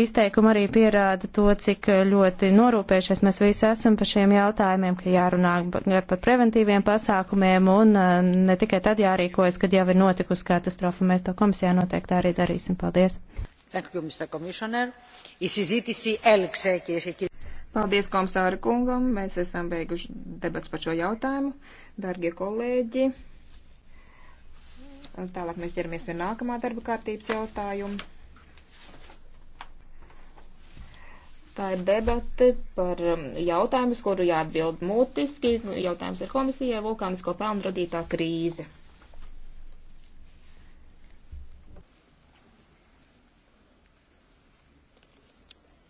izteikumi arī pierāda to, cik eh, ļoti norūpējušies mēs visi esam par šiem jautājumiem, ka jārunā gan par preventīviem pasākumiem un eh, ne tikai tad jārīkojas, kad jau ir notikusi katastrofa. Mēs to komisijā noteikti arī darīsim. Paldies! Paldies komisāra kungam. Mēs esam beiguši debats par šo jautājumu. Dargie kolēģi, tālāk mēs ķeramies pie nākamā darba kārtības jautājuma. Tā ir debate par um, jautājumus, kuru jāatbild mutiski. Jautājums ir komisijai - vulkānisko pelnu radītā krīze.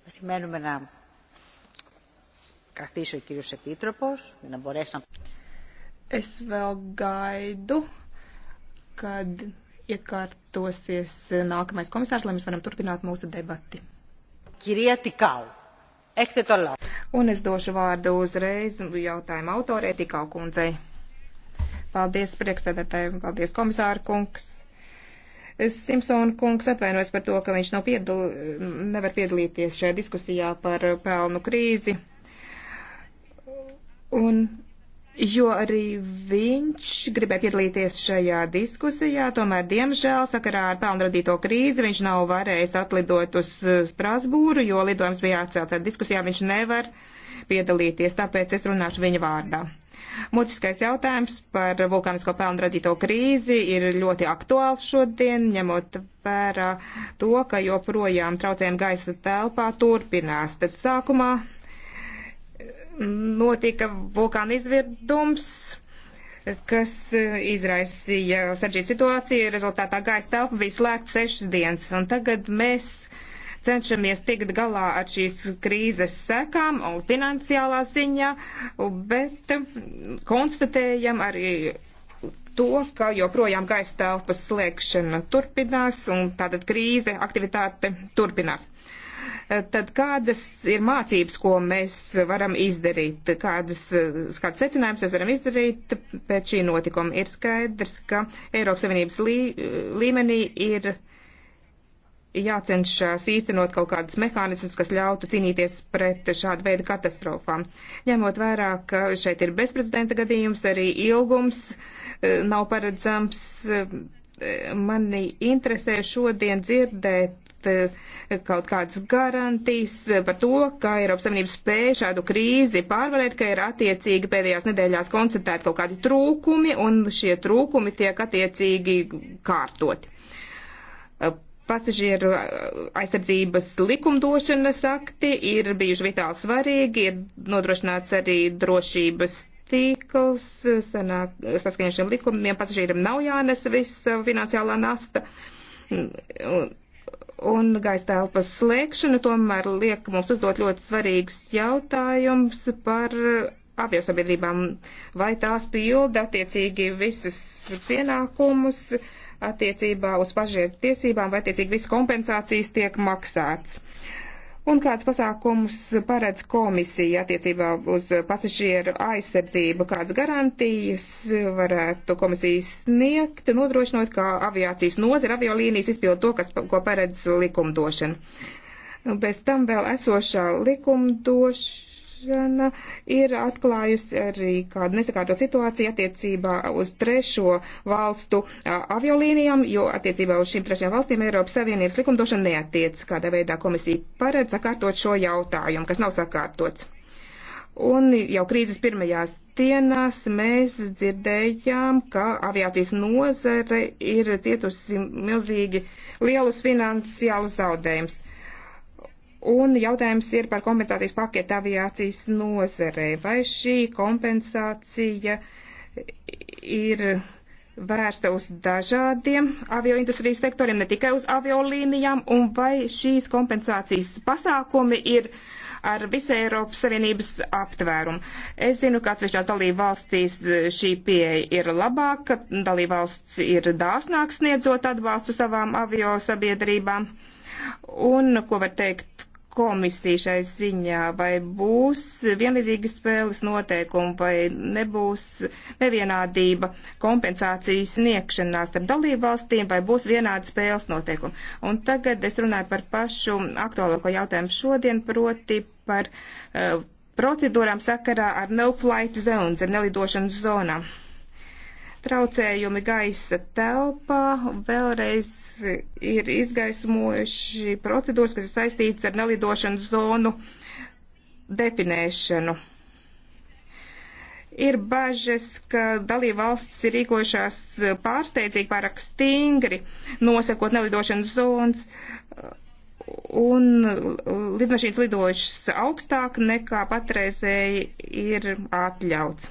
Περιμένουμε να καθίσει ο κύριος Επίτροπος, να μπορέσει να... Es vēl gaidu, kad iekārtosies nākamais komisārs, lai mēs varam turpināt mūsu debati. Kirija Tikau. Un es došu vārdu uzreiz jautājuma autorē Tikau kundzei. Paldies priekšsēdētājiem, paldies komisāra kungs. Simpsona kungs atvainojas par to, ka viņš nav piedal, nevar piedalīties šajā diskusijā par pelnu krīzi. Un jo arī viņš gribēja piedalīties šajā diskusijā, tomēr, diemžēl, sakarā ar pelnu radīto krīzi viņš nav varējis atlidot uz eh, Strasbūru, jo lidojums bija atcelts. Ar diskusijā viņš nevar piedalīties, tāpēc es runāšu viņa vārdā. Mūciskais jautājums par vulkānisko pelnu radīto krīzi ir ļoti aktuāls šodien, ņemot vērā to, ka joprojām traucējumi gaisa telpā turpinās. Tad sākumā notika vulkāna izvirdums, kas e, izraisīja saržģītu situāciju. Rezultātā gaisa telpa bija slēgta sešas dienas, un tagad mēs cenšamies tikt galā ar šīs krīzes sekām un finansiālā ziņā, bet konstatējam arī to, ka joprojām gaisa telpas slēgšana turpinās, un tātad krīze aktivitāte turpinās. Uh, tad kādas ir mācības, ko mēs varam izdarīt, kādas, kādas secinājumus mēs varam izdarīt pēc šī notikuma. Ir skaidrs, ka Eiropas Savienības lī, līmenī ir jācenšas īstenot kaut kādas mehānismas, kas ļautu cīnīties pret šādu veidu katastrofām. Ņemot vērā, ka šeit ir bezprecedenta gadījums, arī ilgums e, nav paredzams e, mani interesē šodien dzirdēt sniegt eh, kaut kādas garantijas eh, par to, ka Eiropas Savienība spēja šādu krīzi pārvarēt, ka ir attiecīgi pēdējās nedēļās koncentrēt kaut kādi trūkumi, un šie trūkumi tiek attiecīgi kārtoti. Eh, pasažieru aizsardzības likumdošanas akti ir bijuši vitāli svarīgi, ir nodrošināts arī drošības tīkls, sanāk, saskaņā šiem likumiem pasažierim nav jānes visa finansiālā nasta. Mm, un, un, un gaisa telpas slēgšana tomēr liek mums uzdot ļoti svarīgus jautājumus par aviosabiedrībām, vai tās pilda attiecīgi visas pienākumus attiecībā uz pašiem tiesībām, vai attiecīgi visas kompensācijas tiek maksāts. Un kāds pasākums paredz komisija attiecībā uz pasažieru aizsardzību, kādas garantijas varētu komisijas sniegt, nodrošinot, ka aviācijas nozara aviolīnijas izpilda to, kas, ko paredz likumdošana. Bez tam vēl esošā likumdošana izmeklēšana ir atklājusi arī kādu nesakārto situāciju attiecībā uz trešo valstu aviolīnijām, jo attiecībā uz šīm trešajām valstīm Eiropas Savienības likumdošana neatiec, kādā veidā komisija paredz sakārtot šo jautājumu, kas nav sakārtots. Un jau krīzes pirmajās dienās mēs dzirdējām, ka aviācijas nozare ir cietusi milzīgi lielus finansiālus zaudējumus. Un jautājums ir par kompensācijas paketu aviācijas nozarē. Vai šī kompensācija ir vērsta uz dažādiem avioindustrijas sektoriem, ne tikai uz aviolīnijām, un vai šīs kompensācijas pasākumi ir ar visu Eiropas Savienības aptvērumu. Es zinu, ka atsevišķās dalību valstīs šī pieeja ir labāka, dalību valsts ir dāsnāk sniedzot atbalstu savām avio sabiedrībām. Un, ko var teikt komisija šai ziņā, vai būs vienlīdzīgi spēles noteikumi, vai nebūs nevienādība kompensācijas sniegšanā starp dalībvalstīm, vai būs vienādi spēles noteikumi. Un tagad es runāju par pašu aktuālāko jautājumu šodien, proti par uh, procedūrām sakarā ar no-flight zones, ar nelidošanas zonām traucējumi gaisa telpā vēlreiz ir izgaismojuši procedūras, kas ir saistītas ar nelidošanu zonu definēšanu. Ir bažas, ka dalība valsts ir rīkojušās pārsteidzīgi pārāk stingri, nosakot nelidošanas zonas, un lidmašīnas lidojušas augstāk nekā patreizēji ir atļauts.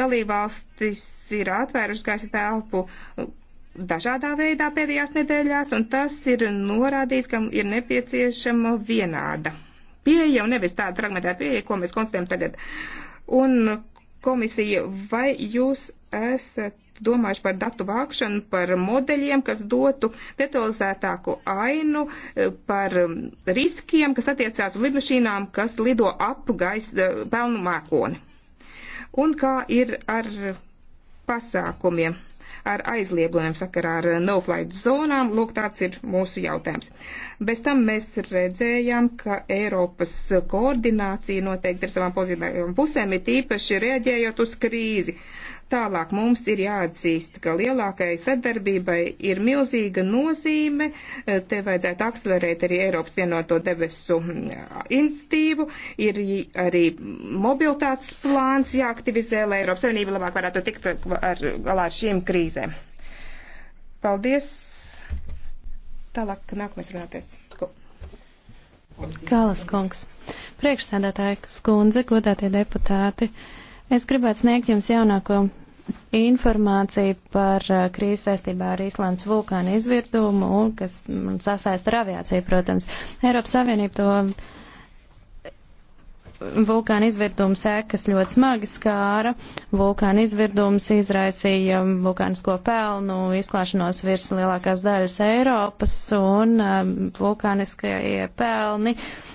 Dalībvalstis ir atvērušas gaisa telpu uh, dažādā veidā pēdējās nedēļās, un tas ir norādījis, ka ir nepieciešama vienāda pieeja, un nevis tāda fragmentēta pieeja, ko mēs konstatējam tagad. Un komisija, vai jūs esat domājuši par datu vākšanu, par modeļiem, kas dotu detalizētāku ainu, eh, par um, riskiem, kas attiecās uz lidmašīnām, kas lido ap gaisa eh, pelnu mēkoni. Un kā ir ar pasākumiem, ar aizliegumiem sakarā ar no-flight zonām? Lūk, tāds ir mūsu jautājums. Bez tam mēs redzējām, ka Eiropas koordinācija noteikti ar savām pozitīvām pusēm ir tīpaši rēģējot uz krīzi. Uh, Tālāk mums ir jāatzīst, ka lielākai sadarbībai ir milzīga nozīme. Te vajadzētu akcelerēt arī Eiropas vienoto debesu institīvu. Ir arī mobilitātes plāns jāaktivizē, lai Eiropas Savienība labāk varētu tikt ar, galā ar šīm krīzēm. Paldies. Tālāk nākamais runāties. Kalas kungs, priekšsēdētāja skundze, godātie deputāti. Es gribētu sniegt jums jaunāko informācija par uh, krīzi saistībā ar Īslandes vulkānu izvirdumu, un, kas mm, sasaist ar aviāciju, protams. Eiropas Savienība to mm, vulkāna izvirduma sekas ļoti smagi skāra. Vulkāna izvirdums izraisīja mm, vulkānisko pelnu izklāšanos virs lielākās daļas Eiropas, un vulkāniskie pelni. Uh,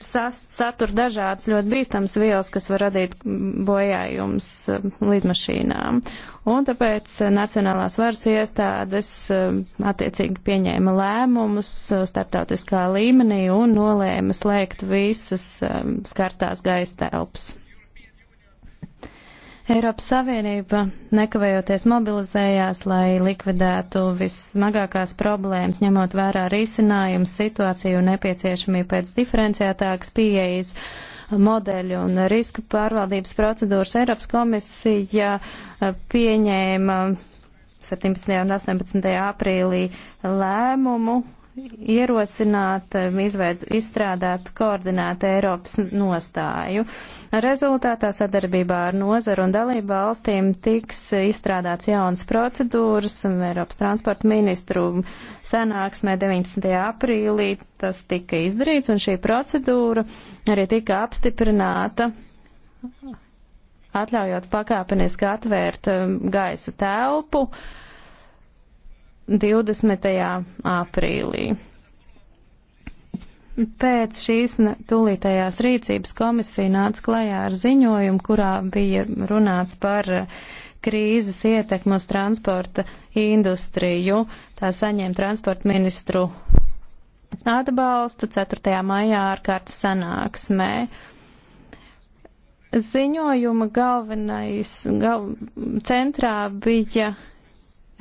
satur dažādas ļoti bīstamas vielas, kas var radīt bojājums eh, lidmašīnām. Un tāpēc eh, Nacionālās varas iestādes eh, attiecīgi pieņēma lēmumus starptautiskā līmenī un nolēma slēgt visas skartās gaistelpas. Eiropas Savienība nekavējoties mobilizējās, lai likvidētu vismagākās problēmas, ņemot vērā risinājumu situāciju un nepieciešamību pēc diferenciētākas pieejas modeļu un riska pārvaldības procedūras. Eiropas komisija eh, pieņēma 17. un 18. aprīlī lēmumu ierosināt, um, izveid, izstrādāt koordinētu Eiropas nostāju. Rezultātā sadarbībā ar nozaru un dalību valstīm tiks izstrādāts jauns procedūras Eiropas transporta ministru sanāksmē 19. aprīlī. Tas tika izdarīts un šī procedūra arī tika apstiprināta atļaujot pakāpeniski atvērt um, gaisa telpu. Uh, 20. aprīlī. Pēc šīs tūlītējās rīcības komisija nāca klajā ar ziņojumu, kurā bija runāts par eh, krīzes ietekmu uz transporta industriju. Tā saņēma transporta ministru atbalstu 4. maijā ārkārtas sanāksmē. Ziņojuma galvenais gal, centrā bija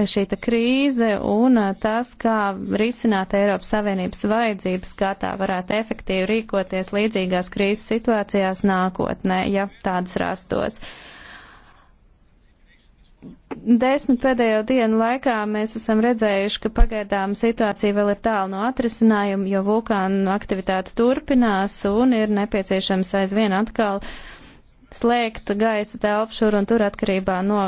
šīta krīze un eh, tas, kā risināt Eiropas Savienības vajadzības, kā tā varētu efektīvi rīkoties līdzīgās krīzes situācijās nākotnē, ja tādas rastos. Desmit pēdējo dienu laikā mēs esam redzējuši, ka pagaidām situācija vēl ir tālu no atrisinājuma, jo vulkānu aktivitāte turpinās un ir nepieciešams aizvien atkal slēgt gaisa telpu šur un tur atkarībā no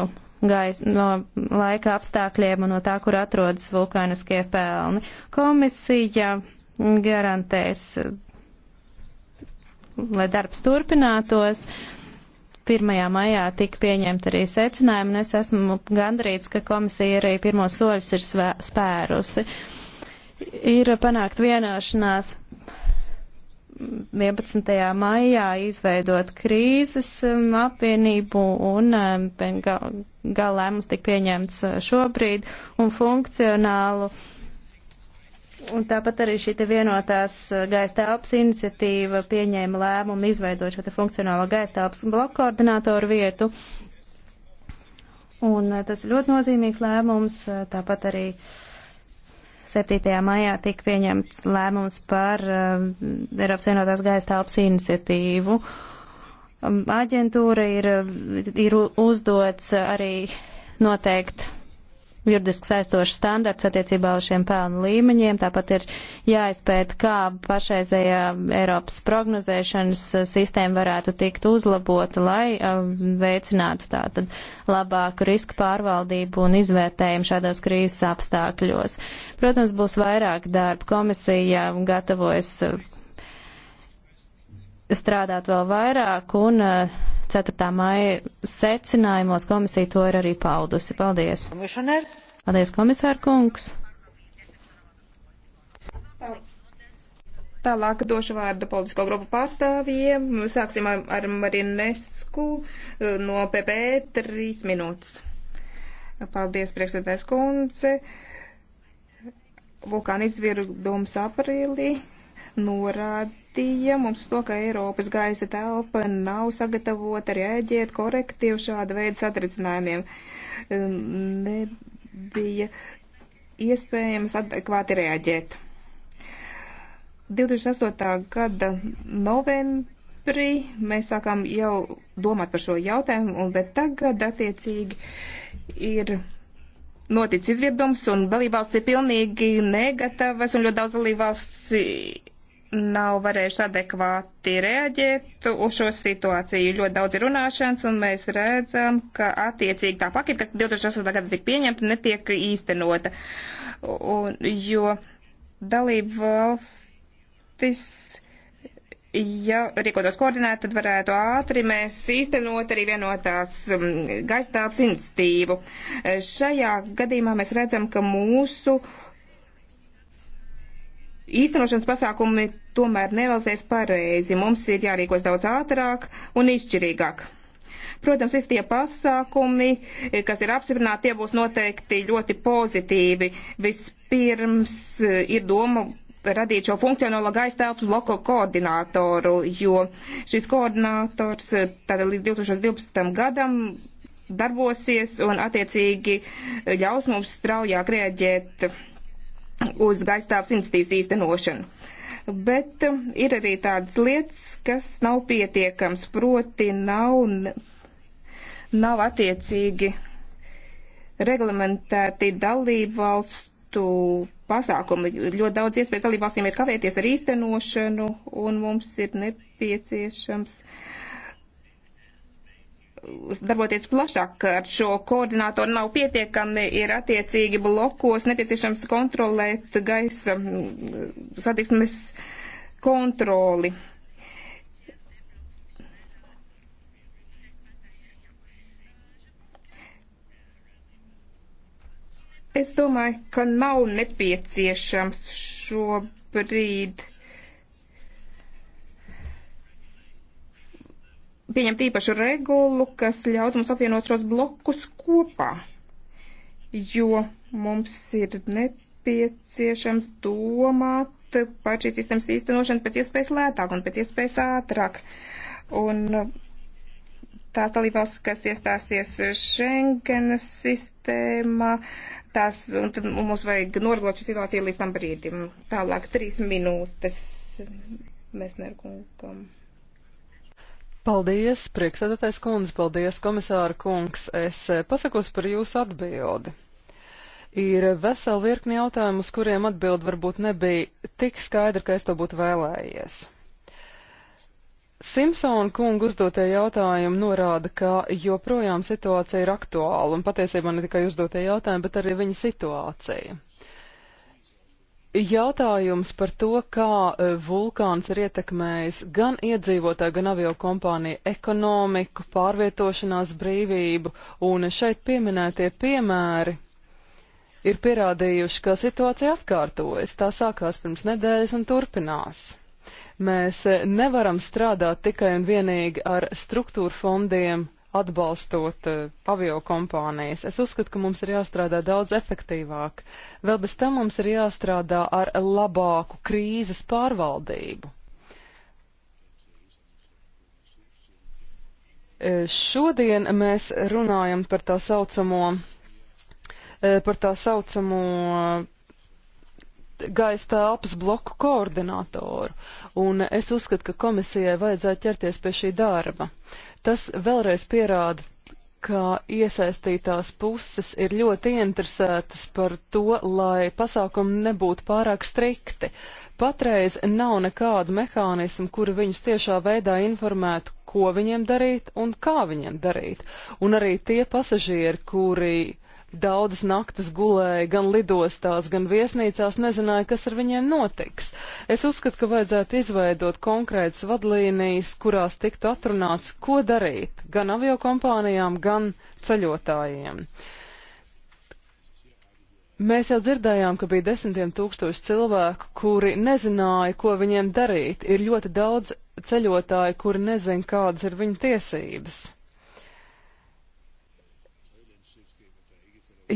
gaisa, no laika apstākļiem un no tā, kur atrodas vulkāniskie pelni. Komisija garantēs, lai darbs turpinātos. 1. maijā tika pieņemta arī secinājuma, un es esmu gandrīz, ka komisija arī pirmos soļus ir spērusi. Ir panākt vienošanās 11. maijā izveidot krīzes um, apvienību un um, gal lēmums tika pieņemts uh, šobrīd un funkcionālu. Un tāpat arī šī te vienotās uh, gaistāps iniciatīva pieņēma lēmumu izveidot šo te funkcionālo gaistāps bloku koordinātoru vietu. Un uh, tas ir ļoti nozīmīgs lēmums, tāpat arī uh, 7. maijā tika pieņemts lēmums par uh, Eiropas vienotās gaisa telpas iniciatīvu. Um, aģentūra ir, um, ir uzdots arī noteikt juridiski saistošs standarts attiecībā uz šiem pelnu līmeņiem. Tāpat ir jāizpēta, kā pašreizējā Eiropas prognozēšanas sistēma varētu tikt uzlabota, lai um, veicinātu tātad labāku riska pārvaldību un izvērtējumu šādās krīzes apstākļos. Protams, būs vairāk darba. Komisija gatavojas uh, strādāt vēl vairāk un uh, 4. maija secinājumos komisija to ir arī paudusi. Paldies! Komisioner. Paldies, komisārkungs! Tālāk došu vārdu politisko grupu pārstāvjiem. Nu, sāksim ar Marinesku eh, no PP 3 e, minūtes. Paldies, priekšsēdētājs kundze. Vulkāna izvirdums aprīlī norāda uzrakstīja mums to, ka Eiropas gaisa telpa nav sagatavota rēģēt korekti uz šāda veida satricinājumiem. Nebija iespējams adekvāti rēģēt. 2008. gada novembrī mēs sākām jau domāt par šo jautājumu, bet tagad attiecīgi ir noticis izvirdums un dalībvalsts ir pilnīgi negatavas un ļoti daudz dalībvalsts nav varējuši adekvāti reaģēt uz šo situāciju. Ļoti daudz ir runāšanas, un mēs redzam, ka attiecīgi tā paketa, kas 2008. gada tika pieņemta, netiek īstenota. Un, jo dalību valstis, ja rīkotos koordinēt, tad varētu ātri mēs īstenot arī vienotās mm, gaistāts iniciatīvu. Šajā gadījumā mēs redzam, ka mūsu uh, īstenošanas pasākumi tomēr nerealizēs pareizi. Mums ir jārīkos daudz ātrāk un izšķirīgāk. Protams, visi tie pasākumi, kas ir apstiprināti, tie būs noteikti ļoti pozitīvi. Vispirms eh, ir doma radīt šo funkcionālo gaisa telpas bloku koordinātoru, jo šis koordinātors eh, tātad līdz 2012. gadam darbosies un attiecīgi ļaus mums straujāk rēģēt uz gaistāvs institīvas īstenošanu. Bet um, ir arī tādas lietas, kas nav pietiekams, proti nav, nav attiecīgi reglamentēti dalību valstu pasākumi. Ļoti daudz iespējas dalību valstīm ir kavēties ar īstenošanu, un mums ir nepieciešams uh, darboties plašāk ar šo koordinātoru nav pietiekami, ir attiecīgi blokos nepieciešams kontrolēt gaisa satiksmes kontroli. Es domāju, ka nav nepieciešams šobrīd pieņemt īpašu regulu, kas ļaut mums apvienot šos blokus kopā, jo mums ir nepieciešams domāt par šīs sistēmas īstenošanu pēc iespējas lētāk un pēc iespējas ātrāk. Un uh, tās dalībās, kas iestāsies Schengenas sistēmā, tās, un tad mums vajag norglot šo situāciju līdz tam brīdim. Tālāk trīs minūtes mēs nerkungam. Paldies, priekšsēdētais kundze, paldies, komisāra kungs. Es eh, pasakos par jūsu atbildi. Ir vesela virkni jautājumu, uz kuriem atbild varbūt nebija tik skaidra, ka es to būtu vēlējies. Simpsona kungu uzdotie jautājumi norāda, ka joprojām situācija ir aktuāla, un patiesībā ne tikai uzdotie jautājumi, bet arī viņa situācija. Jautājums par to, kā e, vulkāns ir ietekmējis gan iedzīvotāju, gan avio kompāniju ekonomiku, pārvietošanās brīvību, un šeit pieminētie piemēri ir pierādījuši, ka situācija atkārtojas. Tā sākās pirms nedēļas un turpinās. Mēs e, nevaram strādāt tikai un vienīgi ar struktūra fondiem atbalstot uh, eh, avio kompānijas. Es uzskatu, ka mums ir jāstrādā daudz efektīvāk. Vēl bez tam mums ir jāstrādā ar labāku krīzes pārvaldību. Uh, šodien mēs runājam par tā saucamo, uh, par tā saucamo gaisa telpas bloku koordinatoru, un es uzskatu, ka komisijai vajadzētu ķerties pie šī darba. Uh, Tas vēlreiz pierāda, ka iesaistītās puses ir ļoti interesētas par to, lai pasākumi nebūtu pārāk strikti. Patreiz nav nekādu mehānismu, kuri viņus tiešā veidā informētu, ko viņiem darīt un kā viņiem darīt. Un arī tie pasažieri, kuri Daudzas naktas gulēja gan lidostās, gan viesnīcās, nezināja, kas ar viņiem notiks. Es uzskatu, ka vajadzētu izveidot konkrētas vadlīnijas, kurās tiktu atrunāts, ko darīt gan aviokompānijām, gan ceļotājiem. Mēs jau dzirdējām, ka bija desmitiem tūkstoši cilvēku, kuri nezināja, ko viņiem darīt. Ir ļoti daudz ceļotāju, kuri nezina, kādas ir viņu tiesības.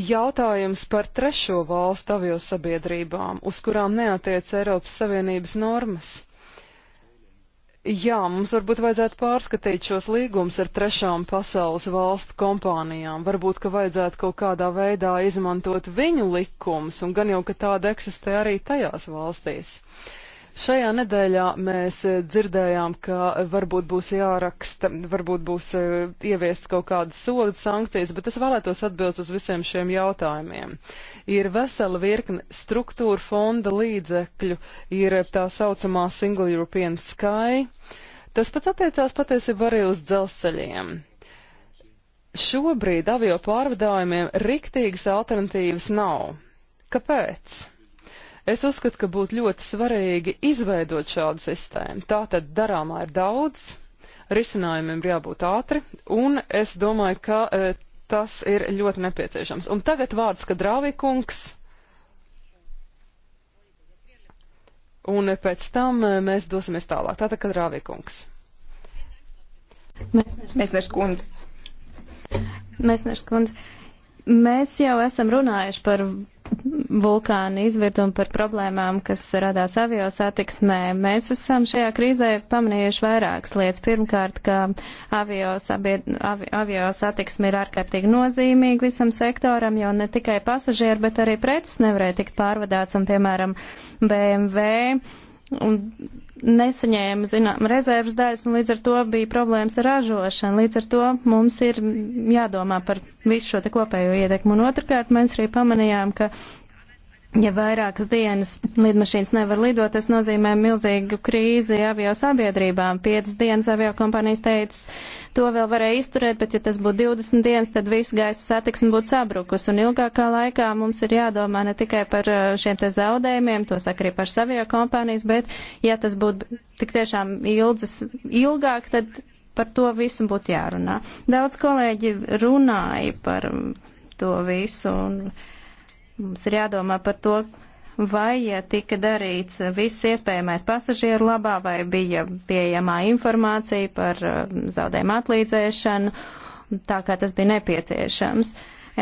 Jautājums par trešo valstu aviosabiedrībām, uz kurām neatiec Eiropas Savienības normas. Jā, mums varbūt vajadzētu pārskatīt šos līgumus ar trešām pasaules valstu kompānijām. Varbūt, ka vajadzētu kaut kādā veidā izmantot viņu likumus, un gan jau, ka tāda eksistē arī tajās valstīs. Uh, Šajā nedēļā mēs eh, dzirdējām, ka varbūt būs jāraksta, varbūt būs eh, ieviest kaut kādas sodu sankcijas, bet es vēlētos atbildes uz visiem šiem jautājumiem. Ir vesela virkne struktūra fonda līdzekļu, ir tā saucamā Single European Sky. Tas pats attiecās patiesībā arī uz dzelzceļiem šobrīd avio pārvadājumiem riktīgas alternatīvas nav. Kāpēc? Es uzskatu, ka būtu ļoti svarīgi izveidot šādu sistēmu. Tā tad darāmā ir daudz, risinājumiem ir jābūt ātri, un es domāju, ka e, tas ir ļoti nepieciešams. Un tagad vārds, ka Drāvīkungs. Un pēc tam eh, mēs dosimies tālāk. Tātad, kad Rāvīkungs. Mēsners kundze. Mēsners kundze. Mēs jau esam runājuši par vulkāna izvirdumu, par problēmām, kas radās avio satiksmē. Mēs esam šajā krīzē pamanījuši vairākas lietas. Pirmkārt, ka avio, sabied, avi, avio satiksme ir ārkārtīgi nozīmīga visam sektoram, jo ne tikai pasažieri, bet arī preces nevarēja tikt pārvadāts un, piemēram, BMW. Un nesaņēma, zinām, rezerves daļas, un līdz ar to bija problēmas ar ražošanu. Līdz ar to mums ir jādomā par visu šo te kopējo ietekmu. Un otrkārt, mēs arī pamanījām, ka Ja vairākas dienas lidmašīnas nevar lidot, tas nozīmē milzīgu krīzi avio sabiedrībām. Piecas dienas avio kompānijas teica, to vēl varēja izturēt, bet ja tas būtu 20 dienas, tad viss gaisa satiksme būtu sabrukus. Un ilgākā laikā mums ir jādomā ne tikai par uh, šiem te zaudējumiem, to saka arī par avio kompānijas, bet ja tas būtu tik tiešām ilgas, ilgāk, tad par to visu būtu jārunā. Daudz kolēģi runāja par um, to visu. Un, Mums ir jādomā par to, vai ja tika darīts viss iespējamais pasažieru labā, vai bija pieejamā informācija par uh, zaudējumu atlīdzēšanu, tā kā tas bija nepieciešams.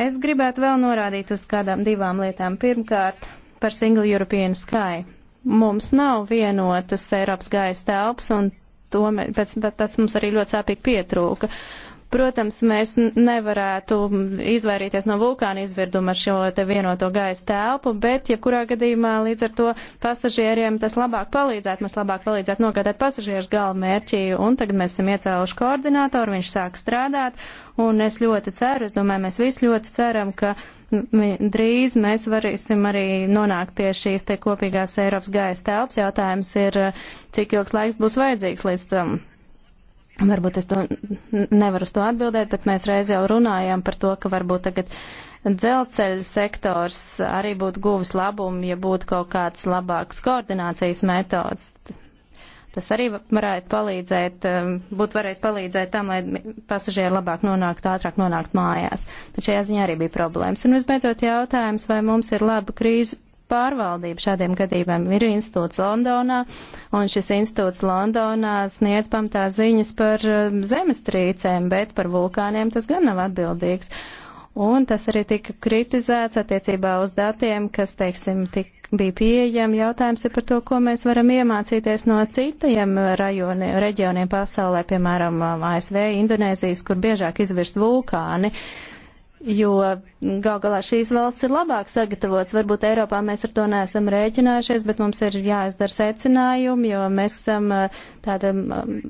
Es gribētu vēl norādīt uz kādām divām lietām. Pirmkārt, par Single European Sky. Mums nav vienotas Eiropas gaisa telpas, un to, pēc, tas mums arī ļoti sāpīgi pietrūka. Uh, Protams, mēs nevarētu izvairīties no vulkāna izvirduma ar šo te vienoto gaisa telpu, bet jebkurā gadījumā līdz ar to pasažieriem tas labāk palīdzētu, mēs labāk palīdzētu nogādāt pasažierus galvmērķī, un tagad mēs esam iecēluši koordinātoru, viņš sāk strādāt, un es ļoti ceru, es domāju, mēs visi ļoti ceram, ka drīz mēs varēsim arī nonākt pie šīs te kopīgās Eiropas gaisa telpas. Jautājums ir, cik ilgs laiks būs vajadzīgs līdz tam. Um, Varbūt es to nevaru uz to atbildēt, bet mēs reiz jau runājām par to, ka varbūt tagad dzelzceļa sektors arī būtu guvis labumu, ja būtu kaut kāds labāks koordinācijas metods. Tas arī varētu palīdzēt, um, būtu varējis palīdzēt tam, lai pasažieri labāk nonāktu, ātrāk nonāktu mājās. Bet šajā ziņā arī bija problēmas. Un visbeidzot jautājums, vai mums ir laba krīzu pārvaldību šādiem gadījumiem. Ir institūts Londonā, un šis institūts Londonā sniedz pamatā ziņas par eh, zemestrīcēm, bet par vulkāniem tas gan nav atbildīgs. Un tas arī tika kritizēts attiecībā uz datiem, kas, teiksim, tik, bija pieejami. Jautājums ir par to, ko mēs varam iemācīties no citajiem rajoni, reģioniem pasaulē, piemēram, ASV, Indonēzijas, kur biežāk izvirst vulkāni. Uh, jo gal galā šīs valsts ir labāk sagatavotas. Varbūt Eiropā mēs ar to neesam rēķinājušies, bet mums ir jāizdara secinājumi, jo mēs esam eh, tāda mm,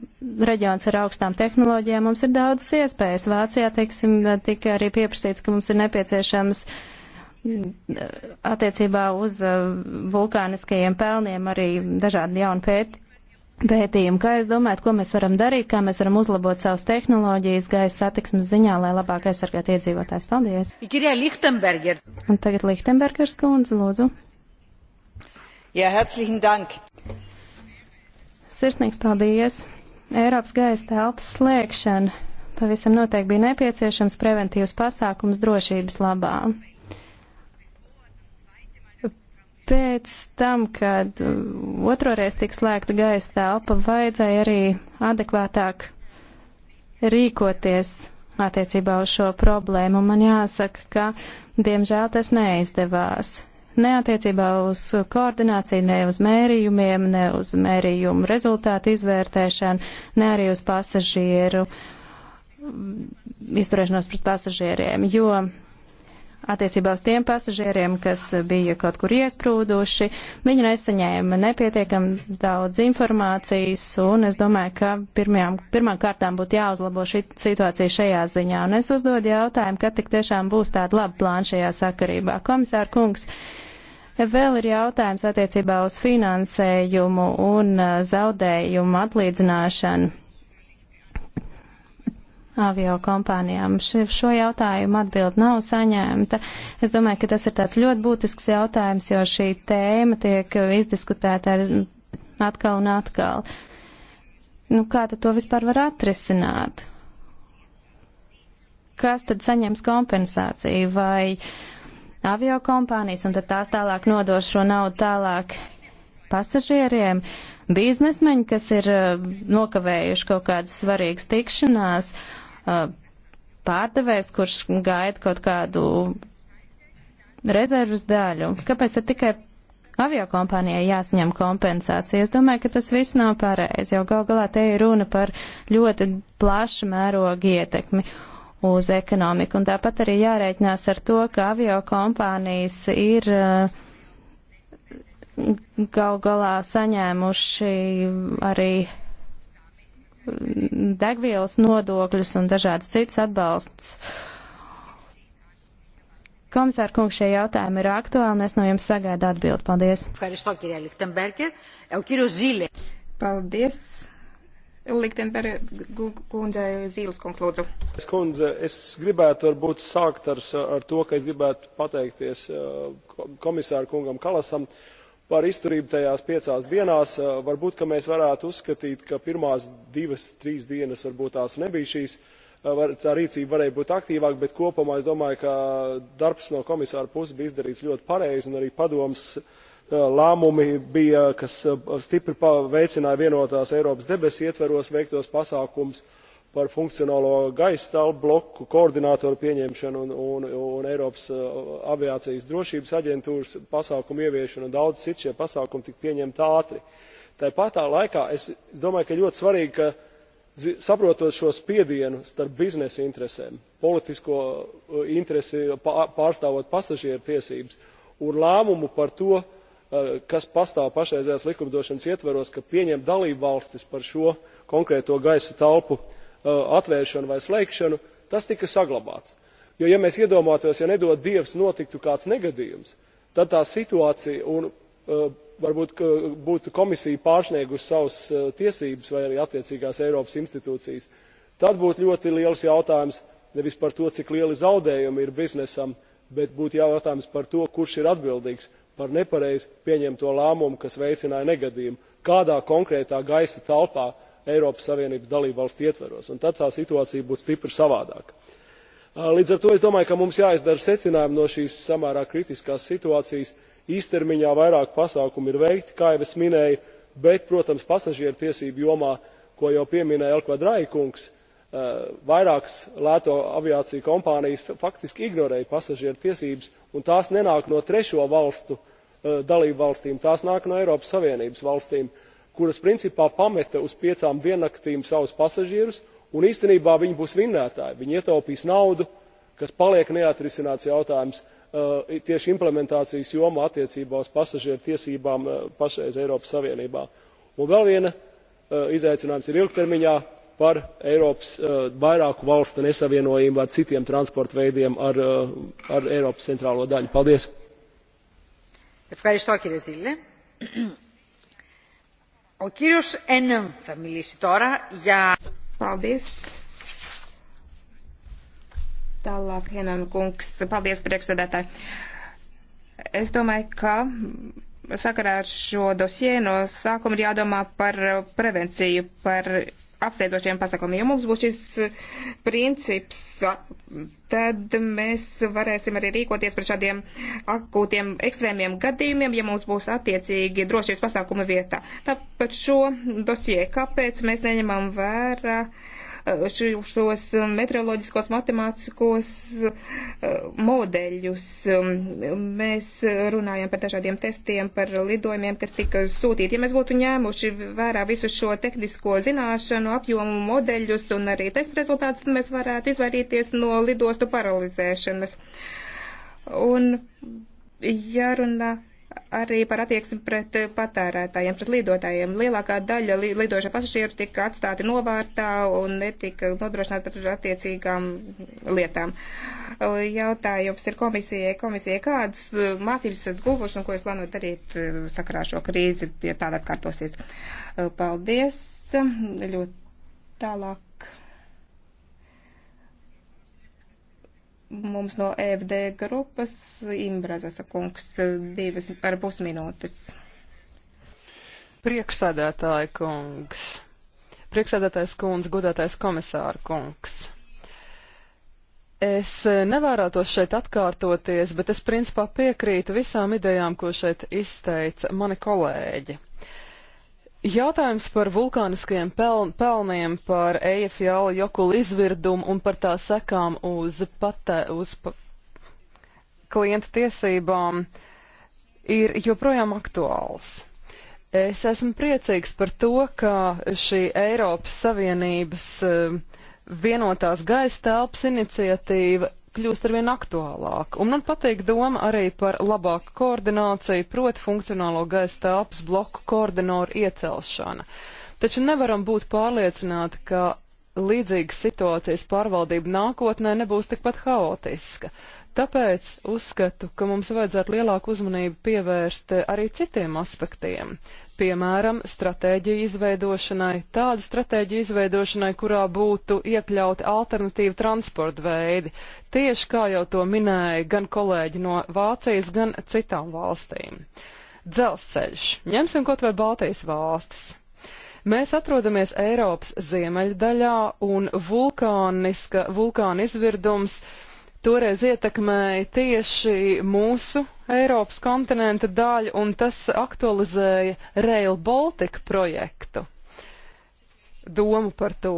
reģions ar augstām tehnoloģijām, mums ir daudzas iespējas. Vācijā, teiksim, tika arī pieprasīts, ka mums ir nepieciešams mm, attiecībā uz eh, vulkāniskajiem pelniem arī dažādi jauni pētījumi pētījumu, kā jūs domājat, ko mēs varam darīt, kā mēs varam uzlabot savas tehnoloģijas gaisa satiksmes ziņā, lai labāk aizsargātu iedzīvotājs. Paldies! Un tagad Lichtenbergers kundze, lūdzu. Jā, ja, herzlichen dank! Sirsnīgs paldies! Eiropas gaisa telpas slēgšana pavisam noteikti bija nepieciešams preventīvs pasākums drošības labā. Pēc tam, kad uh, otroreiz tika slēgta gaisa telpa, vajadzēja arī adekvātāk rīkoties attiecībā uz šo problēmu. Man jāsaka, ka diemžēl tas neizdevās. Ne attiecībā uz koordināciju, ne uz mērījumiem, ne uz mērījumu rezultātu izvērtēšanu, ne arī uz pasažieru mm, izturēšanos pret pasažieriem, jo attiecībā uz tiem pasažieriem, kas bija kaut kur iesprūduši. Viņi nesaņēma nepietiekam daudz informācijas, un es domāju, ka pirmajām, pirmām kārtām būtu jāuzlabo šī situācija šajā ziņā. Un es uzdodu jautājumu, kad tik tiešām būs tāda laba plāna šajā sakarībā. Komisāra kungs, vēl ir jautājums attiecībā uz finansējumu un uh, zaudējumu atlīdzināšanu avio kompānijām. Šo jautājumu atbild nav saņēmta. Es domāju, ka tas ir tāds ļoti būtisks jautājums, jo šī tēma tiek izdiskutēta ar atkal un atkal. Nu, kā tad to vispār var atrisināt? Kas tad saņems kompensāciju vai avio kompānijas un tad tās tālāk nodos šo naudu tālāk pasažieriem, biznesmeņi, kas ir eh, nokavējuši kaut kādas svarīgas tikšanās, uh, Uh, pārdevējs, kurš gaida kaut kādu rezervas daļu. Kāpēc tad tikai aviokompānijai jāsaņem kompensācija? Es domāju, ka tas viss nav pareizi, jo gal galā te ir runa par ļoti plašu mērogu ietekmi uz ekonomiku. Un tāpat arī jārēķinās ar to, ka aviokompānijas ir uh, gal galā saņēmuši arī degvielas nodokļus un dažādas citas atbalsts. Komisāra kungs, šie jautājumi ir aktuāli, un es no jums sagaidu atbildi. Paldies! Paldies! Liktenberga kundze Zīles kungs lūdzu. Es, kundze, es gribētu varbūt sākt ar, ar to, ka es gribētu pateikties eh, komisāru kungam Kalasam. Uh, par izturību tajās piecās dienās. Eh, varbūt, ka mēs varētu uzskatīt, ka pirmās divas, trīs dienas varbūt tās nebija šīs, eh, var, tā rīcība varēja būt aktīvāka, bet kopumā es domāju, ka darbs no komisāra puses bija izdarīts ļoti pareizi un arī padoms eh, lēmumi bija, kas stipri veicināja vienotās Eiropas debesu ietveros veiktos pasākums. Uh, par funkcionālo gaistelpu bloku koordinātoru pieņemšanu un, un, un Eiropas uh, aviācijas drošības aģentūras pasākumu ieviešanu un daudz citu šie pasākumi tika pieņemti ātri. Tāpatā laikā es, es domāju, ka ļoti svarīgi, ka saprotot šo spiedienu starp biznesa interesēm, politisko uh, interesi pārstāvot pasažieru tiesības un lēmumu par to, uh, kas pastāv pašreizējās likumdošanas ietvaros, ka pieņem dalībvalstis par šo konkrēto gaisa telpu atvēršanu vai slēgšanu tas tika saglabāts. Jo, ja mēs iedomātos, ja nedod Dievs notiktu kāds negadījums, tad tā situācija un uh, varbūt būtu komisija pārsniegusi savas uh, tiesības vai arī attiecīgās Eiropas institūcijas, tad būtu ļoti liels jautājums nevis par to, cik lieli zaudējumi ir biznesam, bet būtu jautājums par to, kurš ir atbildīgs par nepareizi pieņemto lēmumu, kas veicināja negadījumu, kādā konkrētā gaisa telpā Eiropas Savienības dalību valstu ietveros, un tad tā situācija būtu stipri savādāka. Līdz ar to es domāju, ka mums jāizdara secinājumi no šīs samērā kritiskās situācijas. Īstermiņā vairāk pasākumu ir veikti, kā jau es minēju, bet, protams, pasažieru tiesību jomā, ko jau pieminēja Elkvadrai kungs, vairākas lēto aviāciju kompānijas faktiski ignorēja pasažieru tiesības, un tās nenāk no trešo valstu dalību valstīm, tās nāk no Eiropas Savienības valstīm kuras principā pameta uz piecām diennaktīm savus pasažierus un īstenībā viņi būs vinnētāji viņi ietaupīs naudu kas paliek neatrisināts jautājums uh, tieši implementācijas jomā attiecībā uz pasažieru tiesībām uh, pašreiz eiropas savienībā. un vēl viens uh, izaicinājums ir ilgtermiņā par eiropas vairāku valstu nesavienojamību ar citiem transporta veidiem ar, ar eiropas centrālo daļu. paldies! O Kīrus Enam θα μιλήσει τώρα για... Paldies. Tālāk, Enam kungs. Paldies, priekšsēdētāji. Es domāju, ka sakarā ar šo dosie no sākuma ir jādomā par prevenciju, par apsaidošiem pasākumiem. Ja mums būs šis eh, princips, tad mēs varēsim arī rīkoties par šādiem akūtiem ekstrēmiem gadījumiem, ja mums būs attiecīgi drošības pasākumi vietā. Tāpat šo dosie, kāpēc mēs neņemam vērā uh, šos um, meteoroloģiskos matemātiskos uh, modeļus. Um, mēs runājam par dažādiem testiem, par lidojumiem, kas tika sūtīti. Ja mēs būtu ņēmuši vērā visu šo tehnisko zināšanu, apjomu modeļus un arī testa rezultātus, tad mēs varētu izvairīties no lidostu paralizēšanas. Un jārunā. Ja arī par attieksmi pret eh, patērētājiem, pret lidotājiem. Lielākā daļa li lidošā pasažieru tika atstāti novārtā un netika nodrošināta ar attiecīgām lietām. Jautājums ir komisijai, komisijai kādas eh, mācības esat guvuši un ko jūs plānojat darīt eh, sakarā šo krīzi, ja tāda atkārtosies. Paldies. Ļoti tālāk mums no EFD grupas Imbrazasa kungs divas ar pusminūtes. Prieksēdētāja kungs. Prieksēdētājs kundze, godātais komisāra kungs. Es e, nevērētos šeit atkārtoties, bet es principā piekrītu visām idejām, ko šeit izteica mani kolēģi. Jautājums par vulkāniskajiem pel pelniem, par Ejafjāla jokulu izvirdumu un par tā sekām uz, patē, uz pa klientu tiesībām ir joprojām aktuāls. Es esmu priecīgs par to, ka šī Eiropas Savienības eh, vienotās gaisa telpas iniciatīva kļūst arvien aktuālāk, un man patīk doma arī par labāku koordināciju, proti funkcionālo gaisa telpas bloku koordinoru iecelšana. Taču nevaram būt pārliecināti, ka līdzīgas situācijas pārvaldība nākotnē nebūs tikpat haotiska. Tāpēc uzskatu, ka mums vajadzētu lielāku uzmanību pievērst arī citiem aspektiem piemēram, stratēģiju izveidošanai, tādu stratēģiju izveidošanai, kurā būtu iekļauti alternatīvi transporta veidi, tieši kā jau to minēja gan kolēģi no Vācijas, gan citām valstīm. Dzelzceļš. Ņemsim kaut vai Baltijas valstis. Mēs atrodamies Eiropas ziemeļdaļā un vulkāniska, vulkāna izvirdums uh, toreiz ietekmēja tieši mūsu Eiropas kontinenta daļu, un tas aktualizēja Rail Baltica projektu. Doma par to.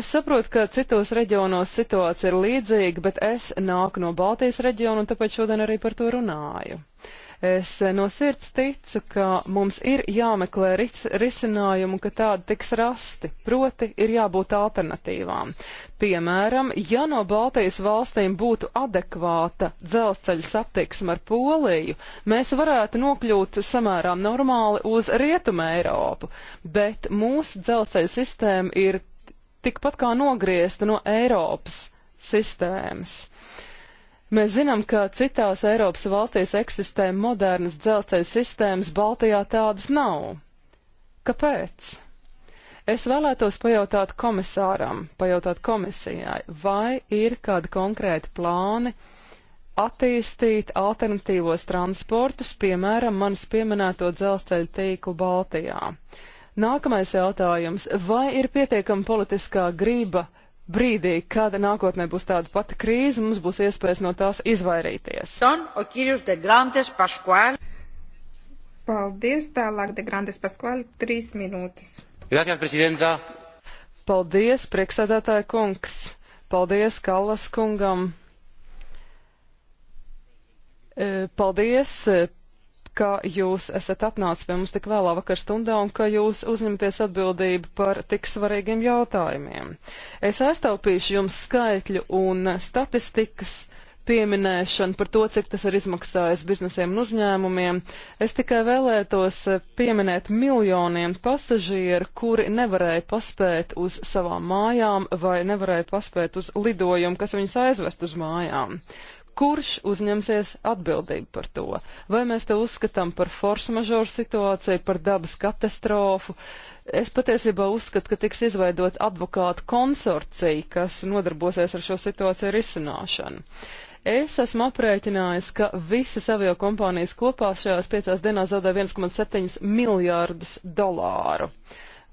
Es saprotu, ka citos reģionos situācija ir līdzīga, bet es nāku no Baltijas reģiona, un tāpēc šodien arī par to runāju. Uh, Es no sirds ticu, ka mums ir jāmeklē ris risinājumu, ka tādi tiks rasti, proti ir jābūt alternatīvām. Piemēram, ja no Baltijas valstīm būtu adekvāta dzelzceļa satiksme ar Poliju, mēs varētu nokļūt samērā normāli uz Rietumē Eiropu, bet mūsu dzelzceļa sistēma ir tikpat kā nogriezta no Eiropas sistēmas. Mēs zinām, ka citās Eiropas valstīs eksistē modernas dzelzceļa sistēmas, Baltijā tādas nav. Kāpēc? Es vēlētos pajautāt komisāram, pajautāt komisijai, vai ir kādi konkrēti plāni attīstīt alternatīvos transportus, piemēram, manas pieminēto dzelzceļa tīklu Baltijā. Nākamais jautājums. Vai ir pietiekama politiskā grība brīdī, kad nākotnē būs tāda pati krīze, mums būs iespējas no tās izvairīties. Paldies, tālāk de Grandes Paskuāli, trīs minūtes. Gracias, prezidenta. Paldies, priekšsēdētāja kungs. Paldies, Kallas kungam. Eh, paldies eh, ka jūs esat atnācis pie mums tik vēlā vakar stundā un ka jūs uzņemties atbildību par tik svarīgiem jautājumiem. Es aiztaupīšu jums skaitļu un statistikas pieminēšanu par to, cik tas ir izmaksājis biznesiem un uzņēmumiem. Es tikai vēlētos pieminēt miljoniem pasažieru, kuri nevarēja paspēt uz savām mājām vai nevarēja paspēt uz lidojumu, kas viņus aizvest uz mājām kurš uzņemsies atbildību par to? Vai mēs te uzskatām par force majeure situāciju, par dabas katastrofu? Es patiesībā uzskatu, ka tiks izveidot advokātu konsorcija, kas nodarbosies ar šo situāciju risināšanu. Es esmu aprēķinājis, ka visas avio kompānijas kopā šajās piecās dienās zaudē 1,7 miljārdus dolāru.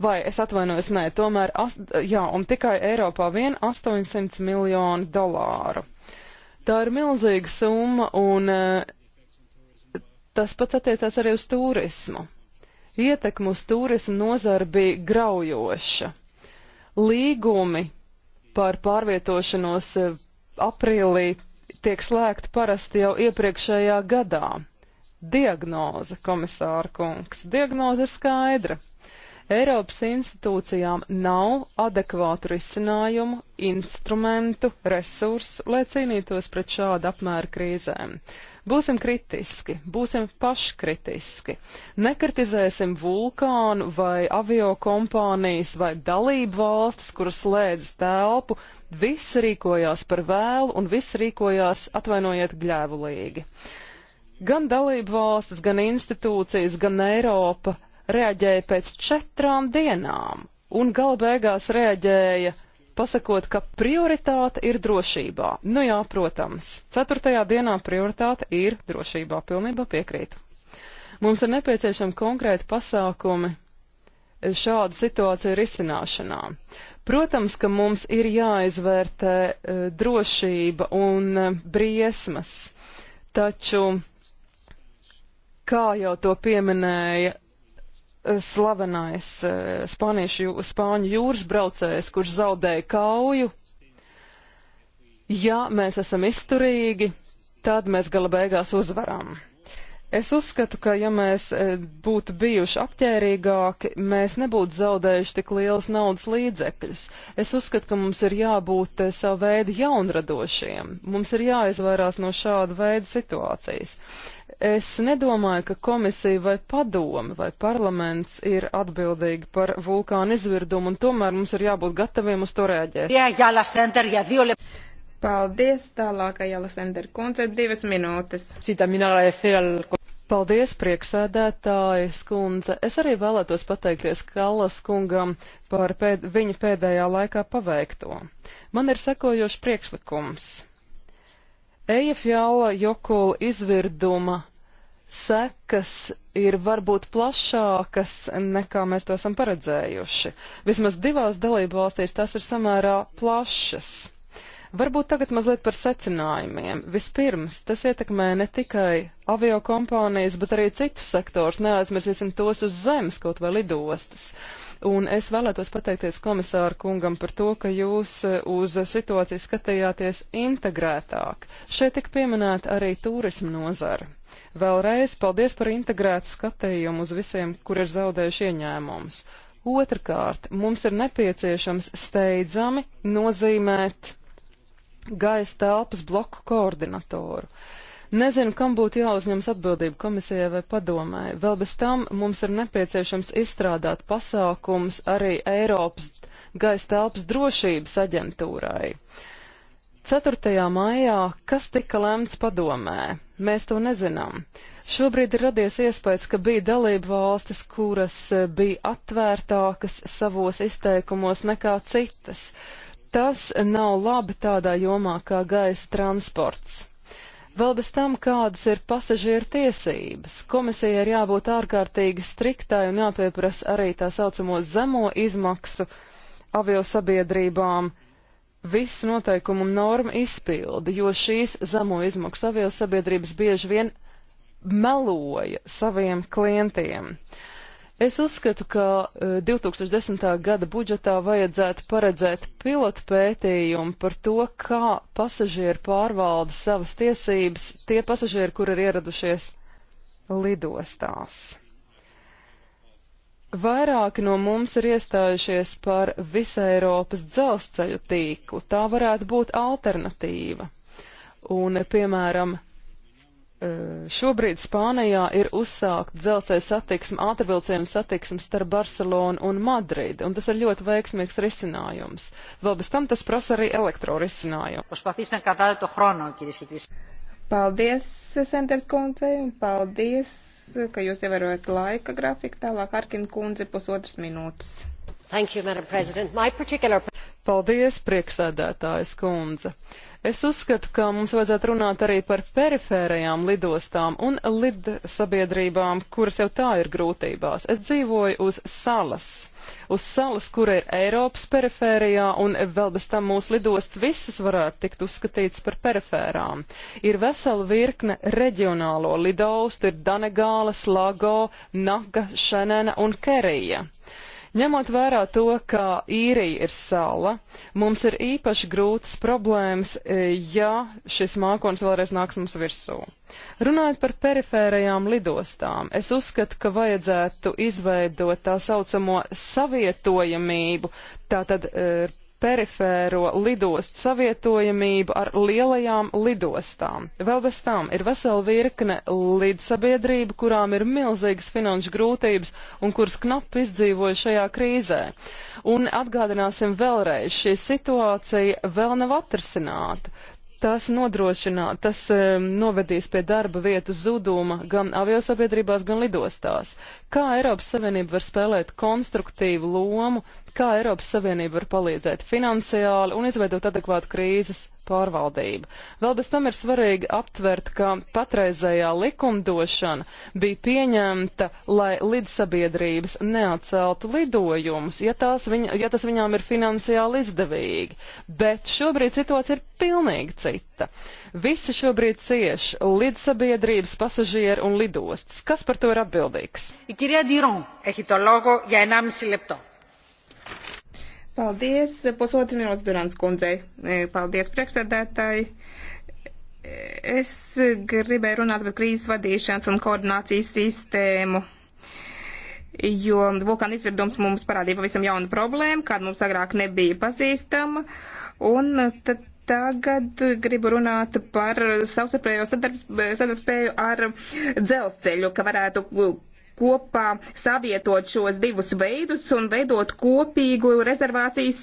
Vai es atvainojos, nē, tomēr, ast, jā, un tikai Eiropā vien 800 miljonu dolāru. Tā ir milzīga summa, un eh, tas pats attiecās arī uz turismu. Ietekme uz turismu nozara bija graujoša. Līgumi par pārvietošanos eh, aprīlī tiek slēgti parasti jau iepriekšējā gadā. Diagnoze, komisāra kungs, diagnoze ir skaidra. Eiropas institūcijām nav adekvātu risinājumu, instrumentu, resursu, lai cīnītos pret šādu apmēru krīzēm. Būsim kritiski, būsim paškritiski. Nekritizēsim vulkānu vai avio kompānijas vai dalību valstis, kuras slēdz telpu, viss rīkojās par vēlu un viss rīkojās, atvainojiet, gļēvulīgi. Gan dalību valstis, gan institūcijas, gan Eiropa reaģēja pēc četrām dienām un gala beigās reaģēja pasakot, ka prioritāte ir drošībā. Nu jā, protams, ceturtajā dienā prioritāte ir drošībā, pilnībā piekrītu. Mums ir nepieciešami konkrēti pasākumi šādu situāciju risināšanā. Protams, ka mums ir jāizvērtē e, drošība un e, briesmas, taču, kā jau to pieminēja slavenais eh, spāniešu, spāņu jūras braucējs, kurš zaudēja kauju. Ja mēs esam izturīgi, tad mēs gala beigās uzvaram. Es uzskatu, ka ja mēs e, būtu bijuši apģērbīgāki, mēs nebūtu zaudējuši tik liels naudas līdzekļus. Es uzskatu, ka mums ir jābūt e, savu veidu jaunradošiem. Mums ir jāizvairās no šāda veida situācijas. Es nedomāju, ka komisija vai padome vai parlaments ir atbildīgi par vulkānu izvirdumu, un tomēr mums ir jābūt gataviem uz to rēģēt. Jā, jā, la center, jā, diole... Paldies, tālākajā Lasender kundze, divas minūtes. Sí, Paldies, prieksēdētāji, skundze. Es arī vēlētos pateikties Kallas kungam par pēd viņa pēdējā laikā paveikto. Man ir sekojošs priekšlikums. Ejafjāla Jokola izvirduma sekas ir varbūt plašākas, nekā mēs to esam paredzējuši. Vismaz divās dalību valstīs tas ir samērā plašas. Varbūt tagad mazliet par secinājumiem. Vispirms, tas ietekmē ne tikai avio kompānijas, bet arī citus sektors. Neaizmirsīsim tos uz zemes, kaut vai lidostas. Un es vēlētos pateikties komisāru kungam par to, ka jūs eh, uz situāciju skatījāties integrētāk. Šeit tik pieminēta arī turisma nozara. Vēlreiz paldies par integrētu skatījumu uz visiem, kur ir zaudējuši ieņēmumus. Otrakārt, mums ir nepieciešams steidzami nozīmēt gaisa telpas bloku koordinatoru. Nezinu, kam būtu jāuzņems atbildība komisijai vai padomai. Vēl bez tam mums ir nepieciešams izstrādāt pasākums arī Eiropas gaisa telpas drošības aģentūrai. 4. maijā, kas tika lemts padomē? Mēs to nezinām. Šobrīd ir radies iespējas, ka bija dalība valstis, kuras bija atvērtākas savos izteikumos nekā citas. Tas nav labi tādā jomā kā gaisa transports. Vēl bez tam, kādas ir pasažieru tiesības, komisija ir jābūt ārkārtīgi striktai un jāpieprasa arī tā saucamo zemo izmaksu aviosabiedrībām visu noteikumu un normu izpildi, jo šīs zemo izmaksu aviosabiedrības bieži vien meloja saviem klientiem. Uh, Es uzskatu, ka 2010. E, gada budžetā vajadzētu paredzēt pilotu pētījumu par to, kā pasažieri pārvalda savas tiesības tie pasažieri, kur ir ieradušies lidostās. Vairāki no mums ir iestājušies par visai Eiropas dzelzceļu tīklu. Tā varētu būt alternatīva. Un, piemēram, Šobrīd Spānijā ir uzsākt dzelzceļa satiksme, ātrvilcienu satiksme starp Barcelonu un Madridu, un tas ir ļoti veiksmīgs risinājums. Vēl bez tam tas prasa arī elektrorisinājumu. Paldies, Senters kundze, un paldies, ka jūs ievērojat laika grafiku. Tālāk Arkina kundze pusotras minūtes. Thank you, Madam President. My particular... Paldies, priekšsēdētājas kundze. Uh, Es uzskatu, ka mums vajadzētu runāt arī par perifērajām lidostām un lidsabiedrībām, kuras jau tā ir grūtībās. Es dzīvoju uz salas. Uz salas, kura ir Eiropas perifērijā, un vēl bez tam mūsu lidosts visas varētu tikt uzskatīts par perifērām. Ir vesela virkne reģionālo lidostu, ir Danegāla, Slago, Naga, Šenena un Kerija. Uh, Ņemot vērā to, ka īrija ir sala, mums ir īpaši grūtas problēmas, e, ja šis mākonis vēlreiz nāks mums virsū. Runājot par perifērajām lidostām, es uzskatu, ka vajadzētu izveidot tā saucamo savietojamību, tātad e, perifēro lidostu savietojamību ar lielajām lidostām. Vēl bez tam ir vesela virkne līdzsabiedrību, kurām ir milzīgas finanšu grūtības un kuras knapi izdzīvoja šajā krīzē. Un atgādināsim vēlreiz, šī situācija vēl nav atrasināta. Tas nodrošinā, tas um, novedīs pie darba vietu zuduma gan aviosabiedrībās, gan lidostās. Kā Eiropas Savienība var spēlēt konstruktīvu lomu, kā Eiropas Savienība var palīdzēt finansiāli un izveidot adekvātu krīzes pārvaldība. Vēl bez tam ir svarīgi aptvert, ka patreizējā likumdošana bija pieņemta, lai lidsabiedrības neatceltu lidojumus, ja, viņa, ja tas viņām ir finansiāli izdevīgi. Bet šobrīd situācija ir pilnīgi cita. Visi šobrīd cieš lidsabiedrības pasažieri un lidostas. Kas par to ir atbildīgs? Kirjā Diron, ehitologo, ja 1,5 lepto. Paldies, pusotru minūtes Durants kundzei. E, paldies, priekšsēdētāji. E, es gribēju runāt par krīzes vadīšanas un koordinācijas sistēmu jo vulkāna izvirdums mums parādīja pavisam jaunu problēmu, kāda mums agrāk nebija pazīstama. Un tad tagad gribu runāt par savstarpējo sadarbspēju ar dzelzceļu, ka varētu kopā savietot šos divus veidus un veidot kopīgu rezervācijas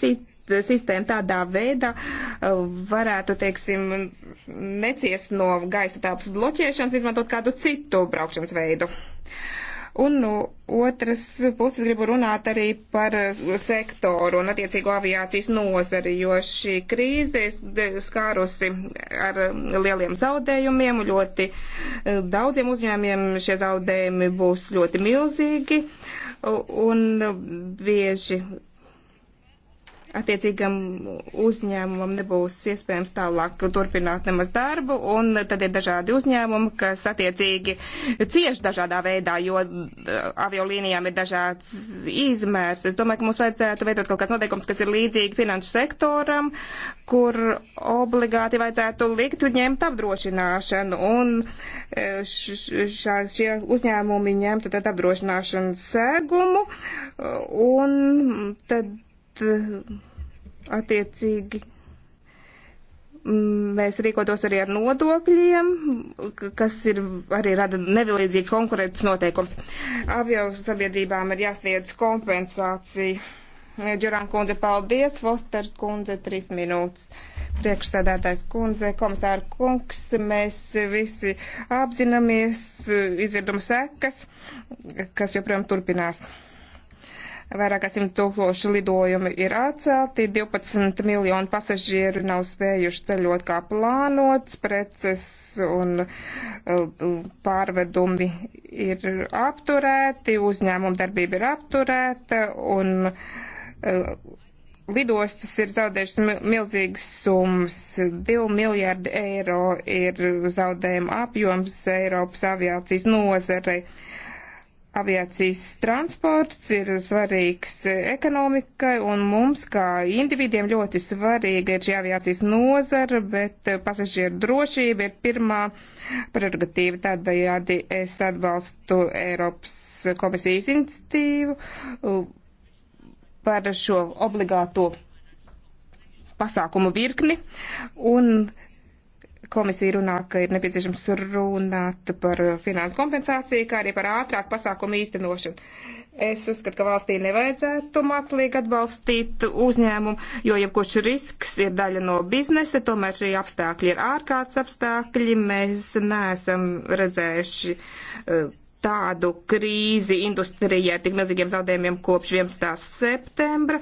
sistēmu tādā veidā uh, varētu, teiksim, necies no gaisa telpas bloķēšanas, izmantot kādu citu braukšanas veidu. Uh, Un no otras puses gribu runāt arī par eh, sektoru un attiecīgo aviācijas nozari, jo šī krīze skārusi ar eh, lieliem zaudējumiem. Ļoti eh, daudziem uzņēmiem šie zaudējumi būs ļoti milzīgi un bieži attiecīgam uzņēmumam nebūs iespējams tālāk turpināt nemaz darbu, un tad ir dažādi uzņēmumi, kas attiecīgi cieš dažādā veidā, jo aviolīnijām ir dažāds izmērs. Es domāju, ka mums vajadzētu veidot kaut kāds noteikums, kas ir līdzīgi finanšu sektoram, kur obligāti vajadzētu likt ņemt apdrošināšanu, un šā, šie uzņēmumi ņemtu tad apdrošināšanu segumu, un tad Eh, attiecīgi mm, mēs rīkotos arī ar nodokļiem, kas ir arī rada nevilīdzīgs konkurences noteikums. Avio sabiedrībām ir jāsniedz kompensācija. Džurān kundze, paldies, Fosters kundze, trīs minūtes. Priekšsēdētājs kundze, komisāra kungs, mēs visi apzināmies eh, izvirduma sekas, kas joprojām turpinās. Vairāk kā 100 tūkstoši lidojumi ir atcelti, 12 miljoni pasažieru nav spējuši ceļot kā plānots, preces un eh, pārvedumi ir apturēti, uzņēmuma darbība ir apturēta un eh, lidostas ir zaudējušas milzīgas summas. 2 miljārdi eiro ir zaudējuma apjoms Eiropas aviācijas nozarei aviācijas transports ir svarīgs ekonomikai un mums kā individiem ļoti svarīga ir šī aviācijas nozara, bet pasažieru drošība ir pirmā prerogatīva. Tādējādi es atbalstu Eiropas komisijas iniciatīvu par šo obligāto pasākumu virkni un Komisija runā, ka ir nepieciešams runāt par finansu kompensāciju, kā arī par ātrāku pasākumu īstenošanu. Es uzskatu, ka valstī nevajadzētu mākslīgi atbalstīt uzņēmumu, jo jebkurš risks ir daļa no biznesa, tomēr šie apstākļi ir ārkārtas apstākļi. Mēs neesam redzējuši uh, tādu krīzi industrijai, tik milzīgiem zaudējumiem kopš 11. septembra.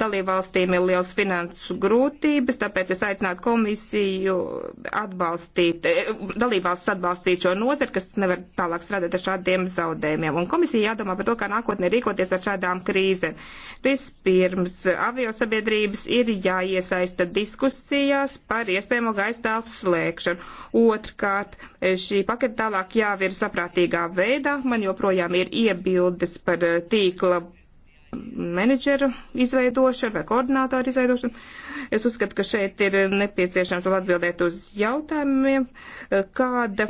Dalībvalstīm ir liels finanses grūtības, tāpēc es aicinātu komisiju atbalstīt, dalībvalsts atbalstīt šo nozari, kas nevar tālāk strādāt ar šādiem zaudējumiem. Un komisija jādomā par to, kā nākotnē rīkoties ar šādām krīzēm. Vispirms aviosabiedrības ir jāiesaista diskusijās par iespējamo gaistāvu slēgšanu. Otrkārt, šī paketa tālāk jāvirza saprātīgā veidā veidā. Man joprojām ir iebildes par eh, tīkla menedžera izveidošanu vai koordinātoru izveidošanu. Es uzskatu, ka šeit ir nepieciešams vēl atbildēt uz jautājumiem, eh, kāda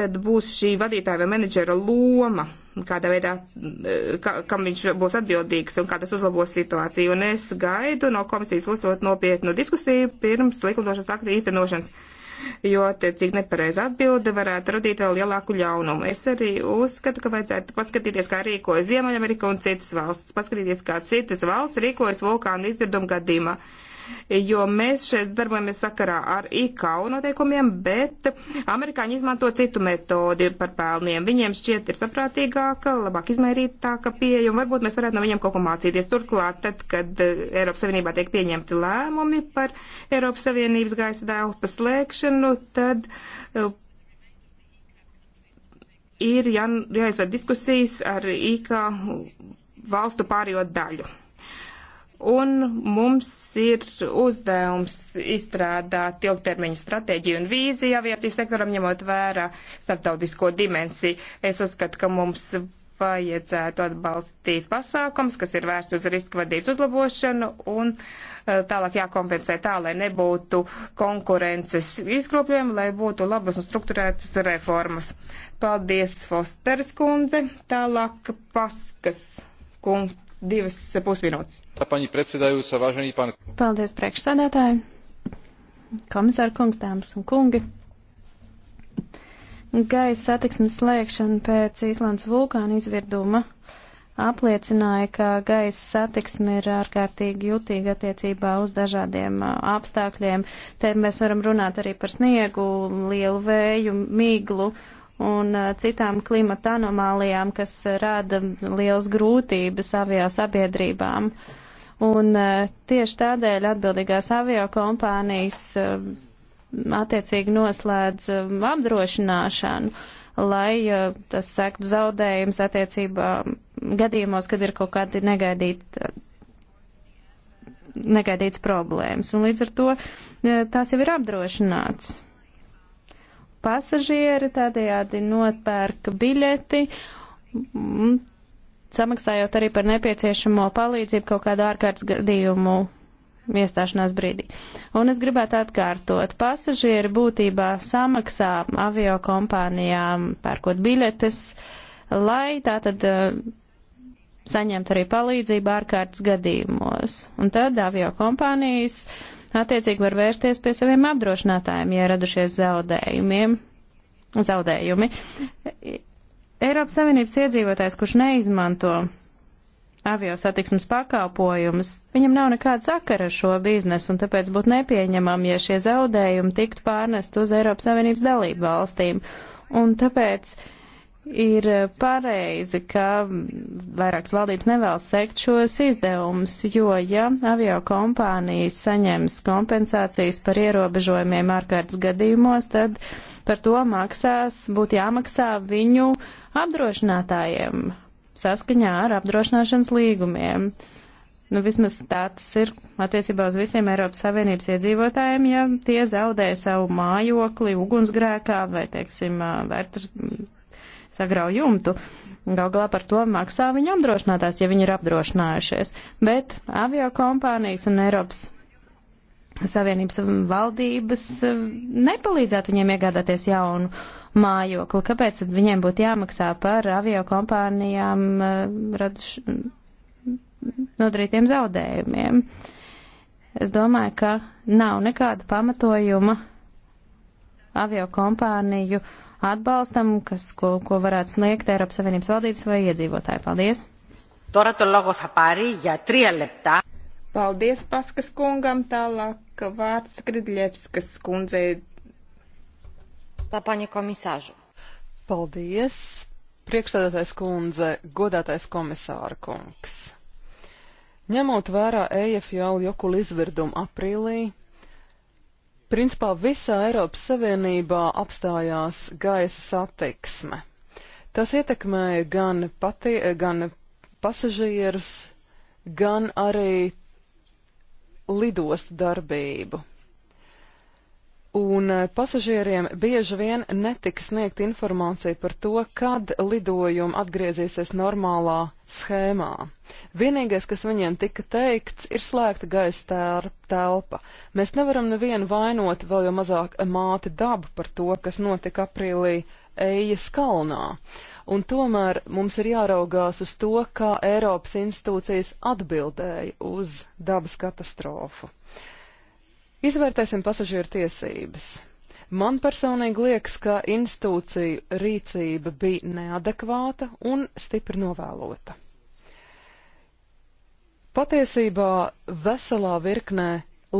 tad būs šī vadītāja vai menedžera loma, kādā veidā, eh, kā, kam viņš būs atbildīgs un kā tas uzlabos situāciju. Un es gaidu no komisijas būs ļoti nopietnu diskusiju pirms likumdošanas akta īstenošanas jo attiecīgi nepareiza atbilde varētu radīt vēl lielāku ļaunumu. Es arī uzskatu, ka vajadzētu paskatīties, kā rīkojas Ziemeļamerika un citas valsts, paskatīties, kā citas valsts rīkojas vulkāna izvirduma gadījumā jo mēs šeit darbojamies sakarā ar IKU noteikumiem, bet amerikāņi izmanto citu metodi par pelniem. Viņiem šķiet ir saprātīgāka, labāk izmērītāka pieeja, un varbūt mēs varētu no viņiem kaut ko mācīties. Turklāt, tad, kad eh, Eiropas Savienībā tiek pieņemti lēmumi par Eiropas Savienības gaisa dēlpas slēgšanu, tad eh, ir jā, jāizved diskusijas ar IKU valstu pārējo daļu un mums ir uzdevums izstrādāt ilgtermiņa stratēģiju un vīziju aviācijas sektoram, ņemot vērā starptautisko dimensiju. Es uzskatu, ka mums vajadzētu atbalstīt pasākums, kas ir vērsts uz riska vadības uzlabošanu un eh, tālāk jākompensē tā, lai nebūtu konkurences izkropļojumi, lai būtu labas un strukturētas reformas. Paldies, Fosteris kundze. Tālāk paskas kungs divas pusminūtes. Paldies, priekšsēdētāji, komisāra kungs, dāmas un kungi. Gaisa satiksmes slēgšana pēc Īslandes vulkāna izvirduma apliecināja, ka gaisa satiksme ir ārkārtīgi jutīga attiecībā uz dažādiem apstākļiem. Te mēs varam runāt arī par sniegu, lielu vēju, miglu un uh, citām klimata anomālijām, kas rada liels grūtības avio sabiedrībām. Un uh, tieši tādēļ atbildīgās avio kompānijas uh, attiecīgi noslēdz um, apdrošināšanu, lai tas sektu zaudējums attiecībā um, gadījumos, kad ir kaut kādi negaidīti negaidīts problēmas. Un līdz ar to tās jau ir apdrošināts pasažieri tādējādi nopērka biļeti, samaksājot arī par nepieciešamo palīdzību kaut kādu ārkārtas gadījumu iestāšanās brīdī. Un es gribētu atkārtot, pasažieri būtībā samaksā avio kompānijām pērkot biļetes, lai tātad saņemt arī palīdzību ārkārtas gadījumos. Un tad avio kompānijas attiecīgi var vērsties pie saviem apdrošinātājiem, ja radušies zaudējumiem. Zaudējumi. Eiropas Savienības iedzīvotājs, kurš neizmanto avio satiksmes pakalpojumus, viņam nav nekāda sakara ar šo biznesu, un tāpēc būtu nepieņemam, ja šie zaudējumi tiktu pārnest uz Eiropas Savienības dalību valstīm. Un tāpēc uh, ir pareizi, ka vairākas valdības nevēlas sekt šos izdevumus, jo ja avio kompānijas saņems kompensācijas par ierobežojumiem ārkārtas gadījumos, tad par to maksās, būtu jāmaksā viņu apdrošinātājiem saskaņā ar apdrošināšanas līgumiem. Nu, vismaz tā tas ir attiecībā uz visiem Eiropas Savienības iedzīvotājiem, ja tie zaudē savu mājokli ugunsgrēkā vai, teiksim, vērt sagrauj jumtu. Gal galā par to maksā viņa apdrošinātājs, ja viņi ir apdrošinājušies. Bet avio kompānijas un Eiropas Savienības valdības eh, nepalīdzētu viņiem iegādāties jaunu mājokli. Kāpēc tad viņiem būtu jāmaksā par avio kompānijām eh, raduš, nodarītiem zaudējumiem? Es domāju, ka nav nekāda pamatojuma avio kompāniju uh, atbalstam, kas, ko, ko varētu sniegt Eiropas Savienības valdības vai iedzīvotāji. Paldies! Paldies Paskas kungam, tālāk vārds Gridļevskas kundzei. Tāpaņa komisāžu. Paldies, priekšsēdētais kundze, godātais komisāra kungs. Ņemot vērā EFJ jokulu izvirdumu aprīlī, Principā visā Eiropas Savienībā apstājās gaisa satiksme. Tas ietekmēja gan, pati, gan pasažierus, gan arī lidostu darbību un eh, pasažieriem bieži vien netika sniegt informācija par to, kad lidojumi atgriezīsies normālā schēmā. Vienīgais, kas viņiem tika teikts, ir slēgta gaisa telpa. Mēs nevaram nevienu vainot, vēl jau mazāk māti dabu par to, kas notika aprīlī Ejas kalnā. Un tomēr mums ir jāraugās uz to, kā Eiropas institūcijas atbildēja uz dabas katastrofu. Uh, Izvērtēsim pasažieru tiesības. Man personīgi liekas, ka institūciju rīcība bija neadekvāta un stipri novēlota. Patiesībā veselā virknē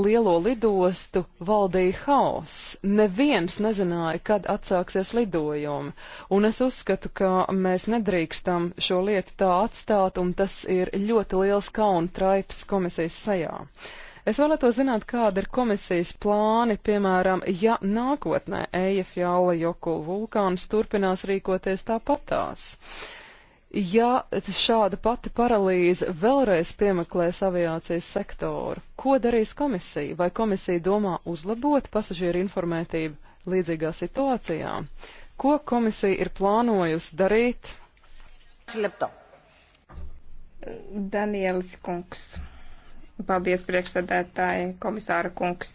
lielo lidostu valdīja haoss. Neviens nezināja, kad atsāksies lidojumi, un es uzskatu, ka mēs nedrīkstam šo lietu tā atstāt, un tas ir ļoti liels kauna traips komisijas sajā. Es vēlētos zināt, kāda ir komisijas plāni, piemēram, ja nākotnē Eif Jāla Jokula vulkāns turpinās rīkoties tāpatās. Ja šāda pati paralīze vēlreiz piemeklēs aviācijas sektoru, ko darīs komisija? Vai komisija domā uzlabot pasažieru informētību līdzīgā situācijā? Ko komisija ir plānojusi darīt? Slepto. Danielis Kungs. Paldies, priekšsēdētāji, komisāra kungs.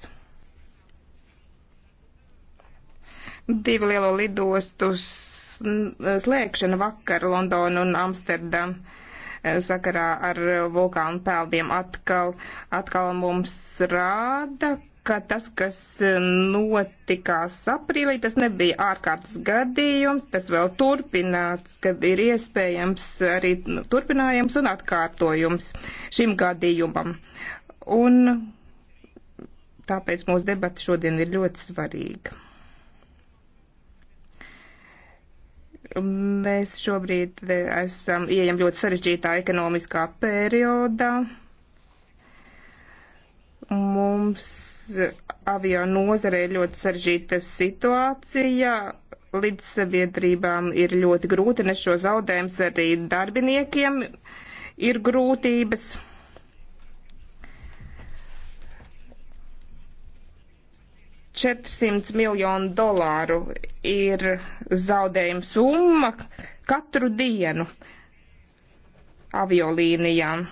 Divu lielo lidostu slēgšana vakar Londonu un Amsterdamu e, sakarā ar vulkānu peldiem atkal, atkal mums rāda, ka tas, kas e, notikās aprīlī, tas nebija ārkārtas gadījums, tas vēl turpināts, kad ir iespējams arī nu, turpinājums un atkārtojums šim gadījumam. Un tāpēc mūsu debata šodien ir ļoti svarīga. Mēs šobrīd eh, esam ieejam ļoti sarežģītā ekonomiskā periodā. Mums avio nozare ir ļoti sarežģīta situācija. Līdz sabiedrībām ir ļoti grūti nes šo zaudējumus arī darbiniekiem. Ir grūtības 400 miljonu dolāru ir zaudējuma summa katru dienu aviolīnijām.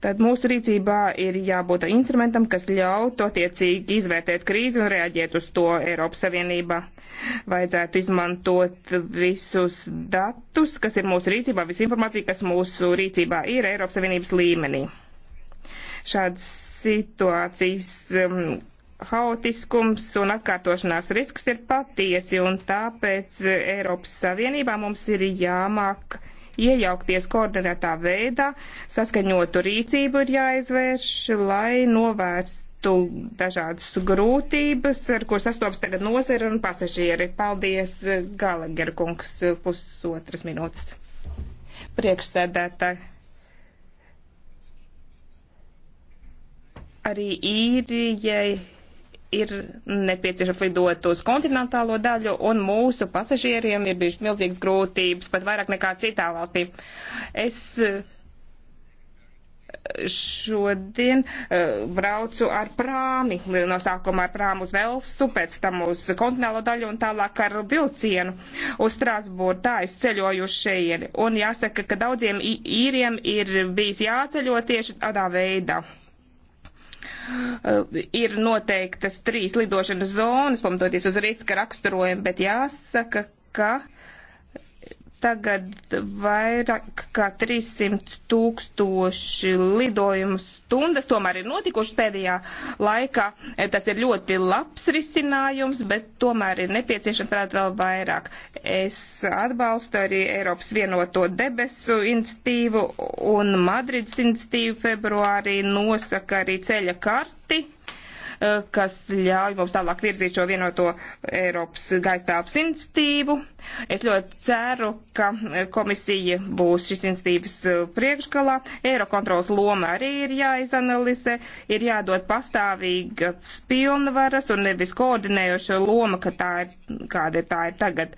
Tad mūsu rīcībā ir jābūt instrumentam, kas ļautu attiecīgi izvērtēt krīzi un reaģēt uz to Eiropas Savienībā. Vajadzētu izmantot visus datus, kas ir mūsu rīcībā, visu informāciju, kas mūsu rīcībā ir Eiropas Savienības līmenī. Šādas situācijas um, haotiskums un atkārtošanās risks ir patiesi, un tāpēc eh, Eiropas Savienībā mums ir jāmāk iejaukties koordinētā veidā, saskaņotu rīcību ir jāizvērš, lai novērstu dažādas grūtības, ar kur sastopas tagad nozara un pasažieri. Paldies, eh, Galager kungs, pusotras minūtes. Priekšsēdētāji. Arī īrijai ir nepieciešams lidot uz kontinentālo daļu, un mūsu pasažieriem ir bijušas milzīgas grūtības, pat vairāk nekā citā valstī. Es eh, šodien uh, braucu ar prāmi, no sākuma ar prāmu uz Velsu, pēc tam uz kontinentālo daļu un tālāk ar vilcienu uz Strasbūru. Tā es ceļoju uz šeieni. Un jāsaka, ka daudziem īriem ir bijis jāceļo tieši tādā veidā. Ir noteiktas trīs lidošanas zonas, pamatoties uz riska raksturojumu, bet jāsaka, ka Tagad vairāk kā 300 tūkstoši lidojumu stundas tomēr ir notikušas pēdējā laikā. Tas ir ļoti labs risinājums, bet tomēr ir nepieciešams strādāt vēl vairāk. Es atbalstu arī Eiropas vienoto debesu institīvu un Madrids institīvu februārī nosaka arī ceļa karti. Uh, Eh, kas ļauj mums tālāk virzīt šo vienoto Eiropas gaisa telpas institīvu. Es ļoti ceru, ka eh, komisija būs šis institīvas eh, priekšgalā. Eirokontrols loma arī ir jāizanalizē, ir jādod pastāvīgas pilnvaras un nevis koordinējoša loma, ka tā ir, kāda ir tā ir tagad.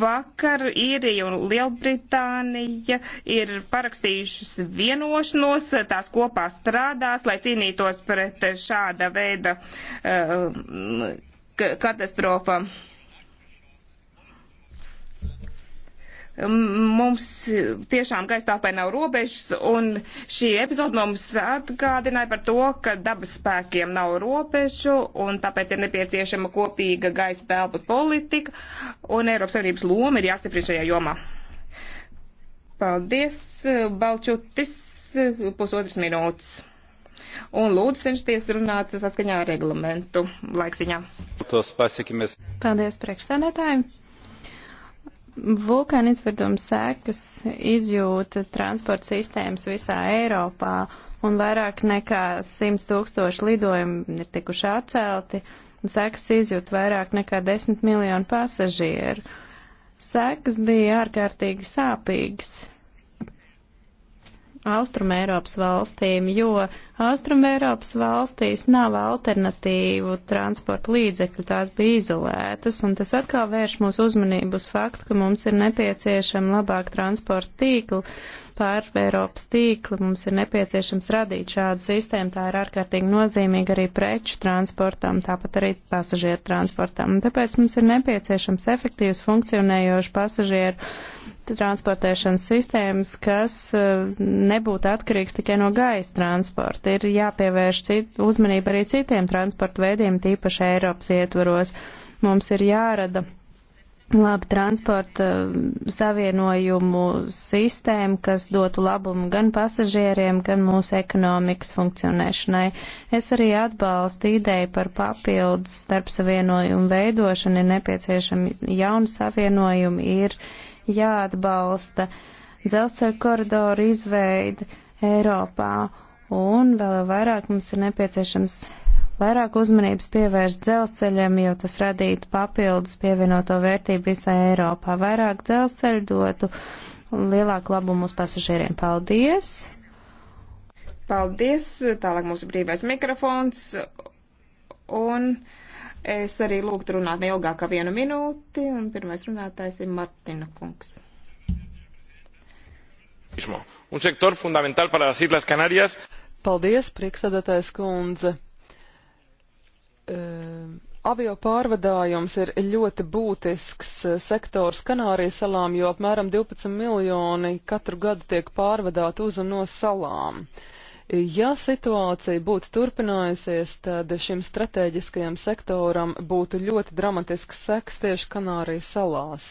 Vakar Īrija un Lielbritānija ir parakstījušas vienošanos, tās kopā strādās, lai cīnītos pret šāda veida eh, katastrofa. Mums tiešām gaistāpai nav robežas, un šī epizode mums atgādināja par to, ka dabas spēkiem nav robežu, un tāpēc ir nepieciešama kopīga gaisa telpas politika, un Eiropas Savienības loma ir jāstiprina šajā jomā. Paldies, Balčutis, pusotras minūtes un lūdzu cenšties runāt saskaņā ar reglamentu laiksiņā. Tos pasiekimies. Paldies priekšsēdētājiem. Vulkāna izvirduma sekas izjūta transporta sistēmas visā Eiropā, un vairāk nekā 100 tūkstoši lidojumu ir tikuši atcelti, un sekas izjūta vairāk nekā 10 miljonu pasažieru. Sekas bija ārkārtīgi sāpīgas. Austruma Eiropas valstīm, jo Austruma Eiropas valstīs nav alternatīvu transporta līdzekļu, tās bija izolētas, un tas atkal vērš mūsu uzmanību uz faktu, ka mums ir nepieciešama labāk transporta tīkla pār Eiropas tīkli, mums ir nepieciešams radīt šādu sistēmu, tā ir ārkārtīgi nozīmīga arī preču transportam, tāpat arī pasažieru transportam, un tāpēc mums ir nepieciešams efektīvs funkcionējošs pasažieru transportēšanas sistēmas, kas e, nebūtu atkarīgs tikai no gaisa transporta. Ir jāpievērš cit, uzmanība arī citiem transporta veidiem, tīpaši Eiropas ietvaros. Mums ir jārada labi transporta e, savienojumu sistēmu, kas dotu labumu gan pasažieriem, gan mūsu ekonomikas funkcionēšanai. Es arī atbalstu ideju par papildus starp savienojumu veidošanu, ir nepieciešami jauni savienojumi, ir jāatbalsta dzelzceļa koridoru izveidi Eiropā, un vēl vairāk mums ir nepieciešams vairāk uzmanības pievērst dzelzceļam, jo tas radītu papildus pievienoto vērtību visai Eiropā. Vairāk dzelzceļu dotu lielāku labumu mūsu pasažieriem. Paldies! Paldies! Tālāk mūsu brīvais mikrofons un. Es arī lūgtu runāt neilgāk kā vienu minūti, un pirmais runātājs ir Martina Kungs. Un sektor fundamental para las Islas Canarias. Paldies, priekšsēdētājs kundze. Uh, avio pārvadājums ir ļoti būtisks eh, sektors Kanārijas salām, jo apmēram 12 miljoni katru gadu tiek pārvadāti uz un no salām. Uh, Ja situācija būtu turpinājusies, tad šim strateģiskajam sektoram būtu ļoti dramatisks seks tieši Kanārijas salās.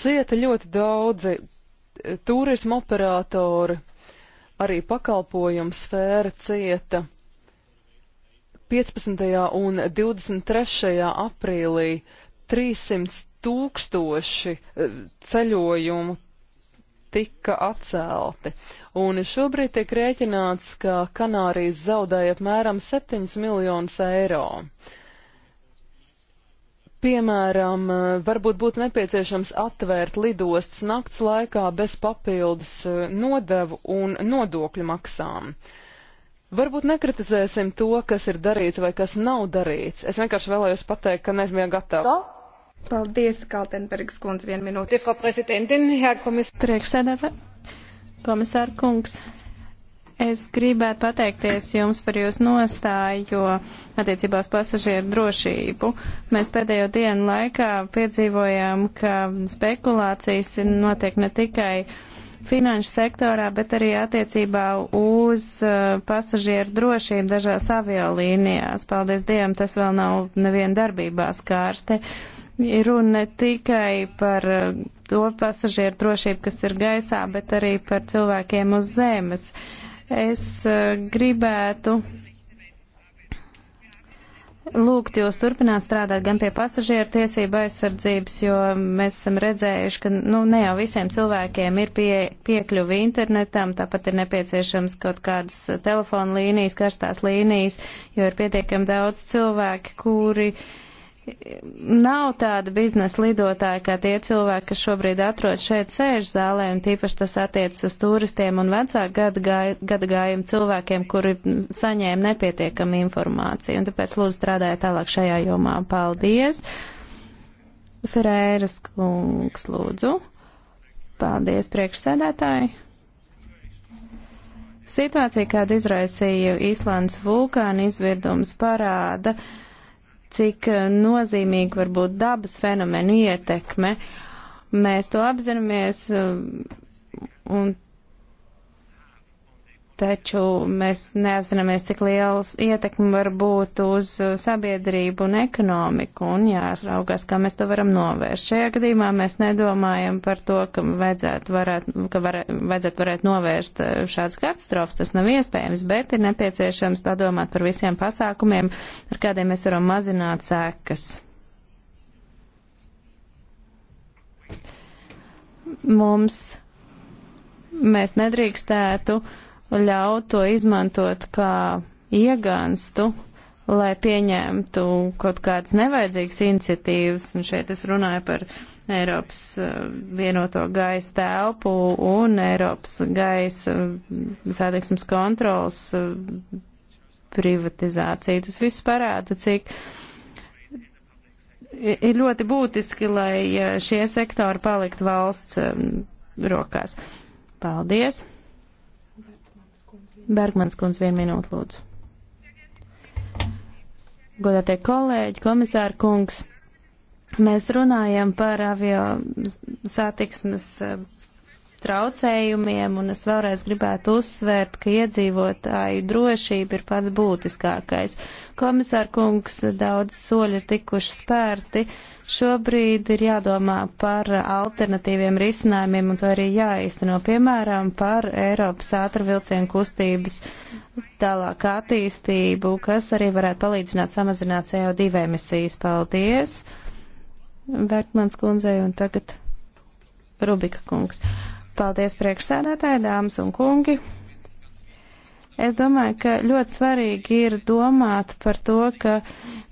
Cieta ļoti daudzi eh, turismu operatori, arī pakalpojumu sfēra cieta. 15. un 23. aprīlī 300 tūkstoši eh, ceļojumu tika atcelti. Un šobrīd tiek rēķināts, ka Kanārijas zaudēja apmēram 7 miljonus eiro. Piemēram, varbūt būtu nepieciešams atvērt lidostas nakts laikā bez papildus e, nodevu un nodokļu maksām. Varbūt nekritizēsim to, kas ir darīts vai kas nav darīts. Es vienkārši vēlējos pateikt, ka neesmu gatavi. Paldies, Kaltenbergs kundze, vienu minūti. Priekšsēdētā, komisāra kungs, es gribētu pateikties jums par jūsu nostāju, jo attiecībās pasažieru drošību. Mēs pēdējo dienu laikā piedzīvojām, ka spekulācijas notiek ne tikai finanšu sektorā, bet arī attiecībā uz uh, pasažieru drošību dažās aviolīnijās. Paldies Dievam, tas vēl nav neviena darbībā skārste. Uh, Ir runa ne tikai par eh, to pasažieru drošību, kas ir gaisā, bet arī par cilvēkiem uz zemes. Es eh, gribētu lūgt jūs turpināt strādāt gan pie pasažieru tiesību aizsardzības, jo mēs esam redzējuši, ka nu, ne jau visiem cilvēkiem ir pie, piekļuvi internetam, tāpat ir nepieciešams kaut kādas telefona līnijas, karstās līnijas, jo ir pietiekami daudz cilvēki, kuri uh, nav tāda biznesa lidotāja, kā tie cilvēki, kas šobrīd atrodas šeit sēž zālē, un tīpaši tas attiecas uz turistiem un vecāku gadu, gāju, gadu gājumu cilvēkiem, kuri saņēma nepietiekami informāciju, un tāpēc lūdzu strādāja tālāk šajā jomā. Paldies! Ferēras kungs, lūdzu. Paldies, priekšsēdētāji! Situācija, kāda izraisīja Īslandes vulkāna izvirdums, parāda, uh, cik eh, nozīmīgi var būt dabas fenomenu ietekme. Mēs to apzināmies eh, un taču mēs neapzināmies, cik liels ietekmi var būt uz sabiedrību un ekonomiku, un jāsraugās, kā mēs to varam novērst. Šajā gadījumā mēs nedomājam par to, ka vajadzētu varēt, ka varē, vajadzētu varēt novērst šāds katastrofs, tas nav iespējams, bet ir nepieciešams padomāt par visiem pasākumiem, ar kādiem mēs varam mazināt sēkas. Mums mēs nedrīkstētu uh, ļaut to izmantot kā iegānstu, lai pieņemtu kaut kādas nevajadzīgas iniciatīvas, un šeit es runāju par Eiropas uh, vienoto gaisa telpu un Eiropas gaisa uh, satiksmes kontrols uh, privatizāciju. Tas viss parāda, cik ir ļoti būtiski, lai šie sektori paliktu valsts um, rokās. Paldies! Bergmans kundz vienu minūtu lūdzu. Godātie kolēģi, komisāra kungs, mēs runājam par avio satiksmes eh, traucējumiem, un es vēlreiz gribētu uzsvērt, ka iedzīvotāju drošība ir pats būtiskākais. Komisāra kungs, daudz soļi ir tikuši spērti. Šobrīd ir jādomā par alternatīviem risinājumiem, un to arī jāīsteno, piemēram, par Eiropas ātrvilcienu kustības tālāk attīstību, kas arī varētu palīdzināt samazināt CO2 emisijas. Paldies! Bertmans kundzei un tagad Rubika kungs. Uh, Paldies priekšsēdētāji, dāmas un kungi! Es domāju, ka ļoti svarīgi ir domāt par to, ka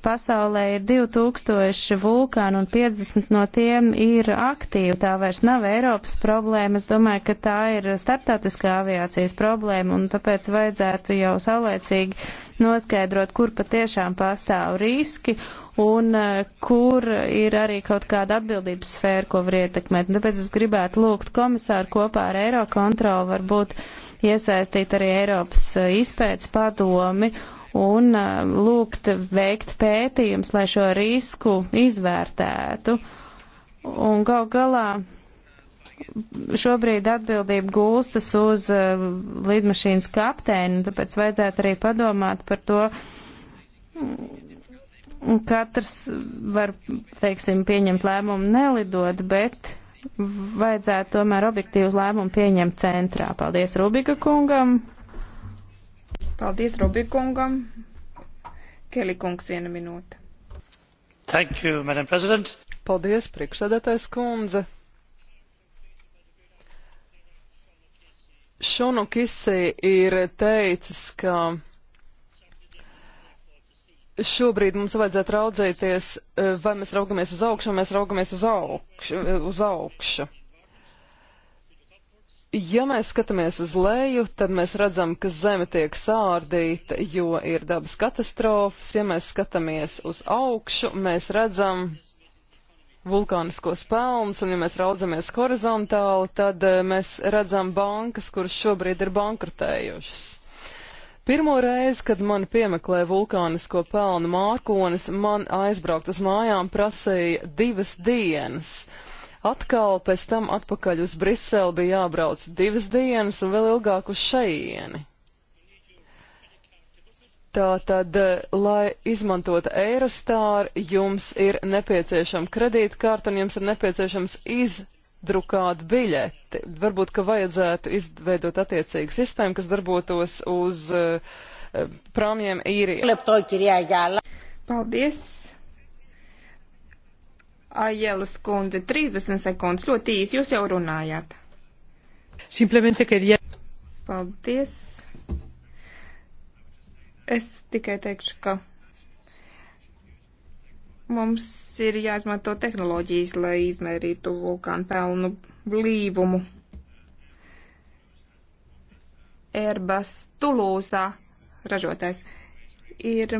pasaulē ir 2000 vulkānu un 50 no tiem ir aktīvi. Tā vairs nav Eiropas problēma. Es domāju, ka tā ir starptautiskā aviācijas problēma un tāpēc vajadzētu jau saulēcīgi noskaidrot, kur patiešām pastāv riski un eh, kur ir arī kaut kāda atbildības sfēra, ko var ietekmēt. Un tāpēc es gribētu lūgt komisāru kopā ar Eirokontrolu varbūt iesaistīt arī Eiropas eh, izpētes padomi un eh, lūgt veikt pētījums, lai šo risku izvērtētu. Un gal galā šobrīd atbildība gulstas uz uh, lidmašīnas kapteini, tāpēc vajadzētu arī padomāt par to. Mm, katrs var, teiksim, pieņemt lēmumu nelidot, bet vajadzētu tomēr objektīvus lēmumu pieņemt centrā. Paldies Rubika kungam. Paldies Rubika kungam. Keli kungs viena minūte. Thank you, Madam President. Paldies, priekšsēdētājs kundze. Šonokisi ir teicis, ka šobrīd mums vajadzētu raudzīties, e, vai mēs raugamies uz augšu, vai mēs raugamies uz augšu. E, uz augšu. Ja mēs skatāmies uz leju, tad mēs redzam, ka zeme tiek sārdīta, jo ir dabas katastrofas. Ja mēs skatāmies uz augšu, mēs redzam vulkāniskos pelnus, un ja mēs raudzamies horizontāli, tad e, mēs redzam bankas, kuras šobrīd ir bankrotējušas. Pirmo reizi, kad man piemeklē vulkānisko pelnu Mārkonis, man aizbraukt uz mājām prasīja divas dienas. Atkal pēc tam atpakaļ uz Briseli bija jābrauc divas dienas un vēl ilgāk uz šeieni. Tātad, lai izmantotu Eirostāru, jums ir nepieciešama kredītkarte un jums ir nepieciešams iz drukāti biļeti. Varbūt, ka vajadzētu izveidot attiecīgu sistēmu, kas darbotos uz uh, prāmjiem īrijā. Paldies! Aielas kundze, 30 sekundes, ļoti īsi, jūs jau runājāt. Simplemente quería. Paldies! Es tikai teikšu, ka Mums ir jāizmanto tehnoloģijas, lai izmērītu vulkānu pelnu blīvumu. Airbus Tulūzā ražotājs ir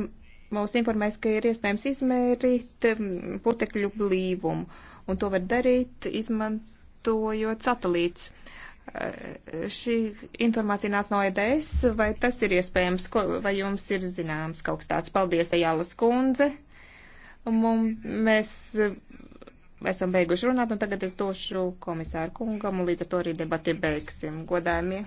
mūs informēs, ka ir iespējams izmērīt mm, putekļu blīvumu, un to var darīt, izmantojot satelītus. Eh, šī informācija nāca no EDS, vai tas ir iespējams, vai jums ir zināms kaut kas tāds? Paldies, Ejālas kundze! Mums, mēs eh, esam beiguši runāt, un tagad es došu komisāru kungam, un līdz ar to arī debati beigsim. Godājumie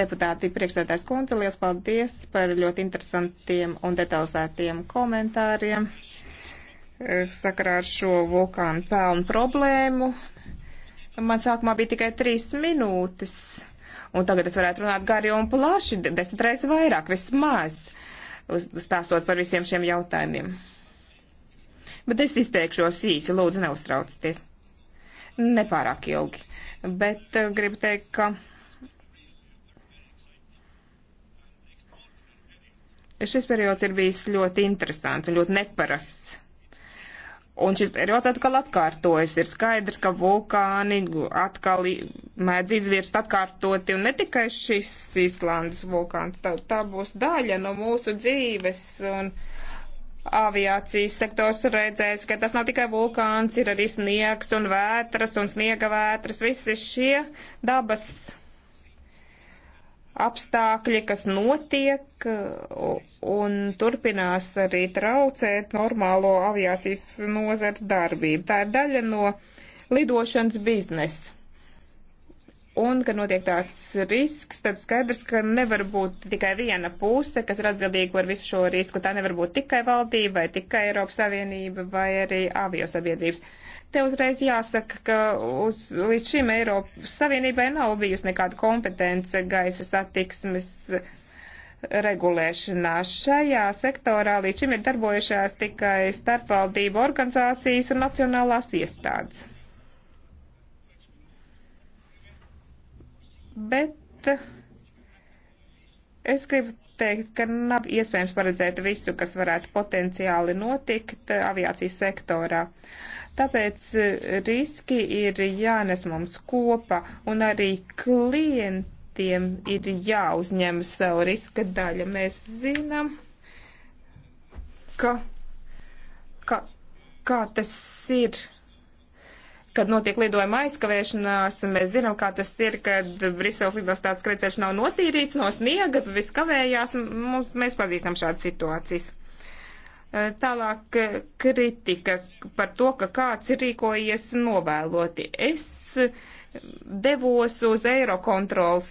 deputāti priekšsētājs kundze, liels paldies par ļoti interesantiem un detalizētiem komentāriem eh, sakarā ar šo vulkānu pelnu problēmu. Man sākumā bija tikai trīs minūtes, un tagad es varētu runāt gari un plaši, desmit reizes vairāk, vismaz stāstot par visiem šiem jautājumiem. Bet es izteikšos īsi, lūdzu, neuztraucieties. Nepārāk ilgi. Bet eh, gribu teikt, ka. Šis periods ir bijis ļoti interesants un ļoti neparasts Un šis periods atkal atkārtojas. Ir skaidrs, ka vulkāni atkal mēdz izvirst atkārtoti, un ne tikai šis Islandes vulkāns, tā, tā būs daļa no mūsu dzīves. Un aviācijas sektors redzēs, ka tas nav tikai vulkāns, ir arī sniegs un vētras un sniega vētras, visi šie dabas apstākļi, kas notiek un turpinās arī traucēt normālo aviācijas nozars darbību. Tā ir daļa no lidošanas biznesa. Un, kad notiek tāds risks, tad skaidrs, ka nevar būt tikai viena puse, kas ir atbildīga par visu šo risku. Tā nevar būt tikai valdība, vai tikai Eiropas Savienība, vai arī aviosabiedrības. Te uzreiz jāsaka, ka uz, līdz šim Eiropas Savienībai nav bijusi nekāda kompetence gaisa satiksmes regulēšanā. Šajā sektorā līdz šim ir darbojušās tikai starpvaldību organizācijas un nacionālās iestādes bet eh, es gribu teikt, ka nav iespējams paredzēt visu, kas varētu potenciāli notikt eh, aviācijas sektorā. Tāpēc eh, riski ir jānes mums kopā un arī klientiem ir jāuzņem savu riska daļu. Mēs zinām, ka, ka kā tas ir kad notiek lidojuma aizkavēšanās, mēs zinām, kā tas ir, kad Briseles lidostāts krecēši nav notīrīts no sniega, viss kavējās, mums, mēs pazīstam šādas situācijas. Eh, tālāk eh, kritika par to, ka kāds ir rīkojies novēloti. Es eh, devos uz Eirokontrols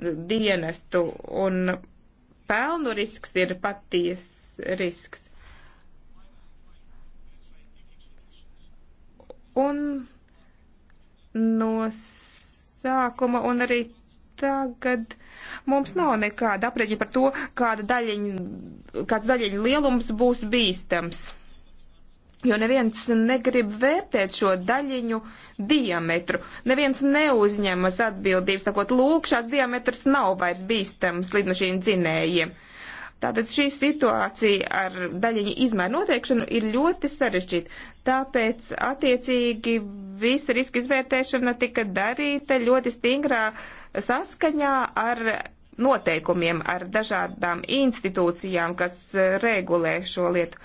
dienestu un pelnu risks ir paties risks. Un no sākuma un arī tagad mums nav nekāda apreģina par to, kāda daļiņa, kāds daļiņa lielums būs bīstams. Jo neviens negrib vērtēt šo daļiņu diametru. Neviens neuzņemas atbildības, sakot, lūk, šāds diametrs nav vairs bīstams lidmašīnu dzinējiem. Uh, Tātad šī situācija ar daļiņu izmēru noteikšanu ir ļoti sarežģīta. Tāpēc attiecīgi visa riska izvērtēšana tika darīta ļoti stingrā saskaņā ar noteikumiem, ar dažādām institūcijām, kas eh, regulē šo lietu.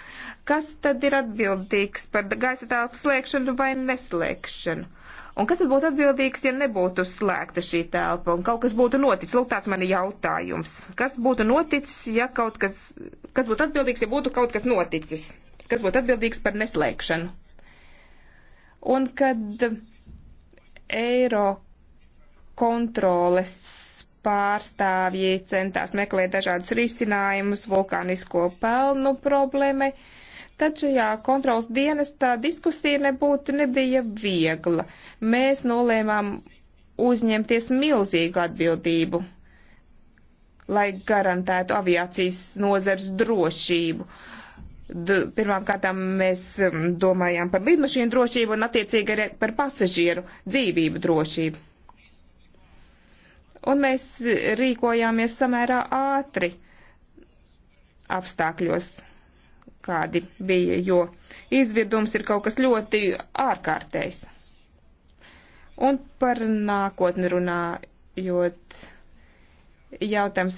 Kas tad ir atbildīgs par gaisa telpas slēgšanu vai neslēgšanu? Un kas tad būtu atbildīgs, ja nebūtu slēgta šī telpa un kaut kas būtu noticis? Lūk, tāds man ir jautājums. Kas būtu noticis, ja kaut kas, kas būtu atbildīgs, ja būtu kaut kas noticis? Kas būtu atbildīgs par neslēgšanu? Un kad eiro kontroles pārstāvji centās meklēt dažādus risinājumus vulkānisko pelnu problēmai, Taču, jā, kontrols dienas tā diskusija nebūtu nebija viegla. Mēs nolēmām uzņemties milzīgu atbildību, lai garantētu aviācijas nozars drošību. D pirmām kārtām mēs um, domājām par lidmašīnu drošību un attiecīgi arī par pasažieru dzīvību drošību. Un mēs rīkojāmies samērā ātri apstākļos kādi bija, jo izvirdums ir kaut kas ļoti ārkārtējs. Un par nākotni runājot, jautājums,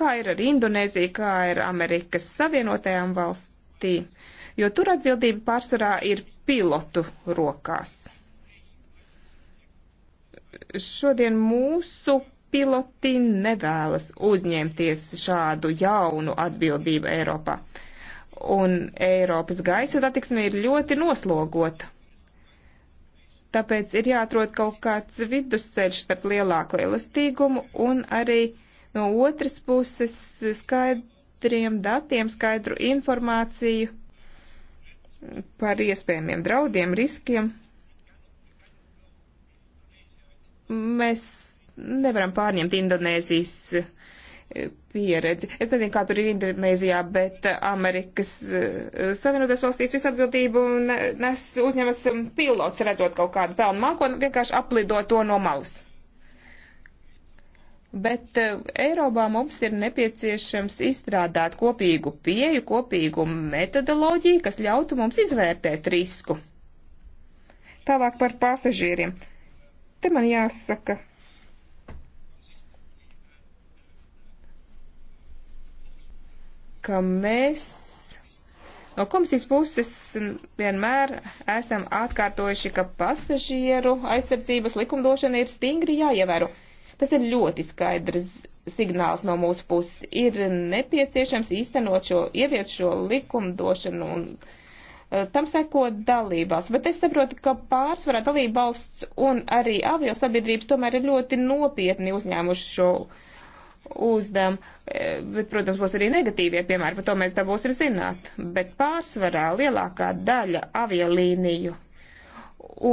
kā ir ar Indonēziju, kā ir Amerikas Savienotajām valstīm, jo tur atbildība pārsvarā ir pilotu rokās. Šodien mūsu piloti nevēlas uzņemties šādu jaunu atbildību Eiropā un Eiropas gaisa satiksme ir ļoti noslogota. Tāpēc ir jāatrod kaut kāds vidusceļš starp lielāko elastīgumu un arī no otras puses skaidriem datiem, skaidru informāciju par iespējamiem draudiem, riskiem. Mēs nevaram pārņemt Indonēzijas pieredzi. Es nezinu, kā tur ir Indonēzijā, bet eh, Amerikas eh, Savienotās valstīs visu atbildību nes uzņemas um, pilots, redzot kaut kādu pelnu malku un vienkārši aplido to no malas. Bet eh, Eiropā mums ir nepieciešams izstrādāt kopīgu pieju, kopīgu metodoloģiju, kas ļautu mums izvērtēt risku. Tālāk par pasažieriem. Te man jāsaka, ka mēs no komisijas puses vienmēr esam atkārtojuši, ka pasažieru aizsardzības likumdošana ir stingri jāievēro. Tas ir ļoti skaidrs signāls no mūsu puses. Ir nepieciešams īstenot šo, ieviet šo likumdošanu un e, tam seko dalībās. Bet es saprotu, ka pārsvarā dalībvalsts un arī aviosabiedrības tomēr ir ļoti nopietni uzņēmuši šo uh, uzdam, e, bet, protams, būs arī negatīvie piemēri, par to mēs dabūsim zināt. Bet pārsvarā lielākā daļa aviolīniju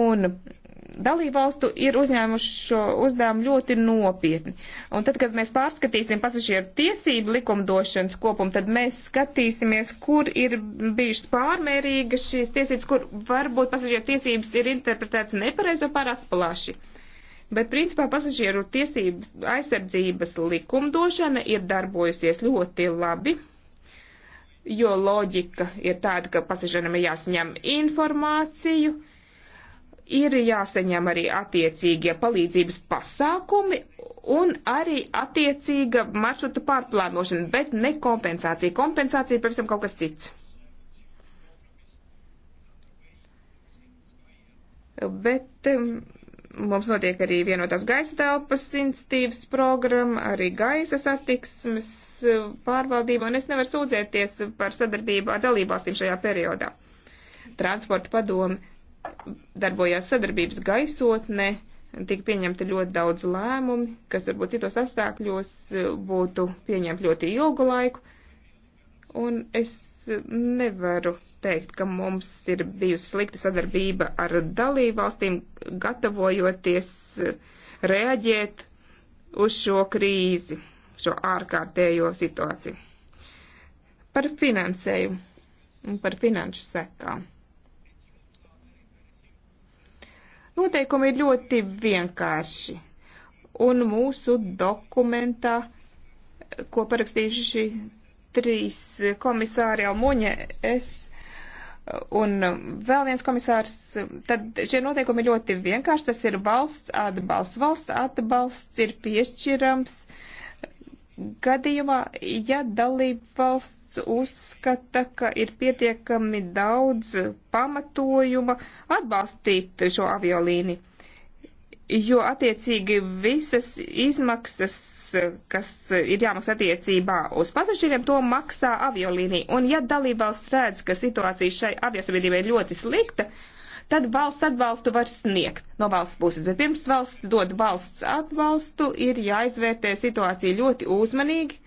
un dalībvalstu ir uzņēmuši šo uzdevumu ļoti nopietni. Un tad, kad mēs pārskatīsim pasažieru tiesību likumdošanas kopumu, tad mēs skatīsimies, kur ir bijušas pārmērīgas šīs tiesības, kur varbūt pasažieru tiesības ir interpretētas nepareizi un pārāk plaši. Bet, principā, pasažieru tiesības aizsardzības likumdošana ir darbojusies ļoti labi, jo loģika ir tāda, ka pasažieram ir jāsaņem informāciju, ir jāsaņem arī attiecīgie palīdzības pasākumi un arī attiecīga maršruta pārplānošana, bet ne kompensācija. Kompensācija ir pavisam kaut kas cits. Bet um, Mums notiek arī vienotās gaisa telpas institīvas programma, arī gaisa satiksmes eh, pārvaldība, un es nevaru sūdzēties par sadarbību ar dalībvalstīm šajā periodā. Transporta padomi darbojās sadarbības gaisotnē, tika pieņemti ļoti daudz lēmumi, kas varbūt citos apstākļos eh, būtu pieņemti ļoti ilgu laiku, un es nevaru teikt, ka mums ir bijusi slikta sadarbība ar dalībvalstīm, gatavojoties eh, reaģēt uz šo krīzi, šo ārkārtējo situāciju. Par finansējumu un par finanšu sekām. Noteikumi ir ļoti vienkārši, un mūsu dokumentā, eh, ko parakstījuši trīs komisāri Almuņa, es Un vēl viens komisārs, tad šie noteikumi ļoti vienkārši, tas ir valsts atbalsts. Valsts atbalsts ir piešķirams gadījumā, ja dalība valsts uzskata, ka ir pietiekami daudz pamatojuma atbalstīt šo aviolīni, jo attiecīgi visas izmaksas kas ir jāmaksā attiecībā uz pasažieriem, to maksā aviolīnija. Un ja dalībvalsts redz, ka situācija šai aviosabiedrībai ir ļoti slikta, tad valsts atbalstu var sniegt no valsts puses. Bet pirms valsts dod valsts atbalstu, ir jāizvērtē situācija ļoti uzmanīgi,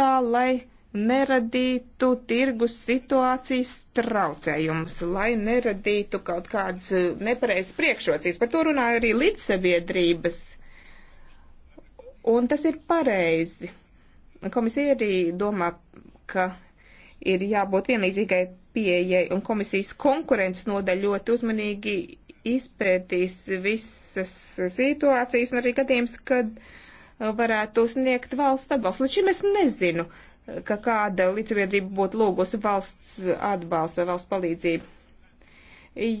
tā lai neradītu tirgus situācijas traucējumus, lai neradītu kaut kādas nepareizas priekšrocības. Par to runāja arī līdzsabiedrības Un tas ir pareizi. Komisija arī domā, ka ir jābūt vienlīdzīgai pieejai, un komisijas konkurences nodaļa ļoti uzmanīgi izpētīs visas situācijas un arī gadījums, kad uh, varētu sniegt valsts atbalstu. Līdz šim es nezinu, ka kāda līdzsaviedrība būtu lūgusi valsts atbalstu vai valsts palīdzību.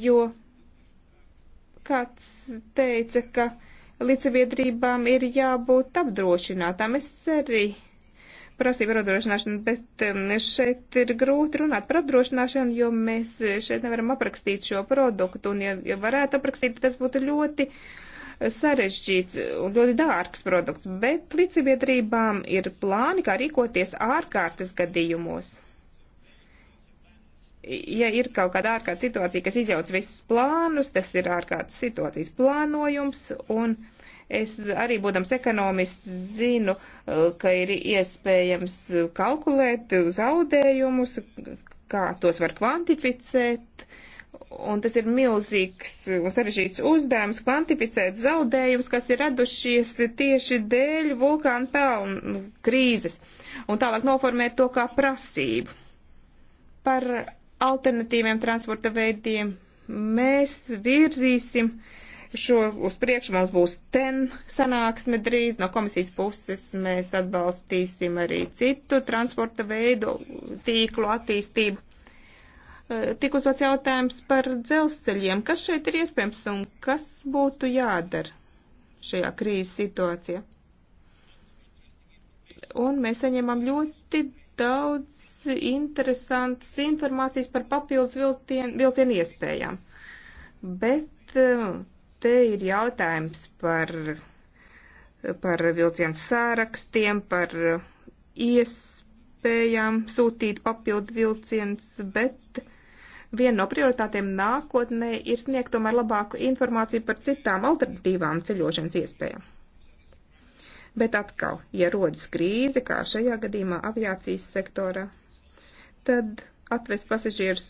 Jo kāds teica, ka līdzsabiedrībām ir jābūt apdrošinātām. Es arī prasību ar apdrošināšanu, bet um, šeit ir grūti runāt par apdrošināšanu, jo mēs šeit nevaram aprakstīt šo produktu, un ja, ja varētu aprakstīt, tas būtu ļoti uh, sarežģīts un ļoti dārgs produkts, bet līdzsabiedrībām ir plāni, kā rīkoties ārkārtas gadījumos ja ir kaut kāda ārkārtas situācija, kas izjauc visus plānus, tas ir ārkārtas situācijas plānojums, un es arī, būdams ekonomists, zinu, eh, ka ir iespējams kalkulēt zaudējumus, kā tos var kvantificēt, un tas ir milzīgs un sarežģīts uzdevums kvantificēt zaudējumus, kas ir radušies tieši dēļ vulkāna pelnu krīzes, un tālāk noformēt to kā prasību. Par alternatīviem transporta veidiem. Mēs virzīsim šo uz priekšu. Mums būs ten sanāksme drīz. No komisijas puses mēs atbalstīsim arī citu transporta veidu tīklu attīstību. E, tik uzdots jautājums par dzelzceļiem. Kas šeit ir iespējams un kas būtu jādara šajā krīzes situācijā? Un mēs saņemam ļoti daudz interesantas informācijas par papildus vilcienu, vilcienu iespējām. Bet eh, te ir jautājums par, par vilcienu sārakstiem, par iespējām sūtīt papildu vilciens, bet viena no prioritātēm nākotnē ir sniegt tomēr labāku informāciju par citām alternatīvām ceļošanas iespējām. Bet atkal, ja rodas krīze, kā šajā gadījumā aviācijas sektorā, tad atvest pasažierus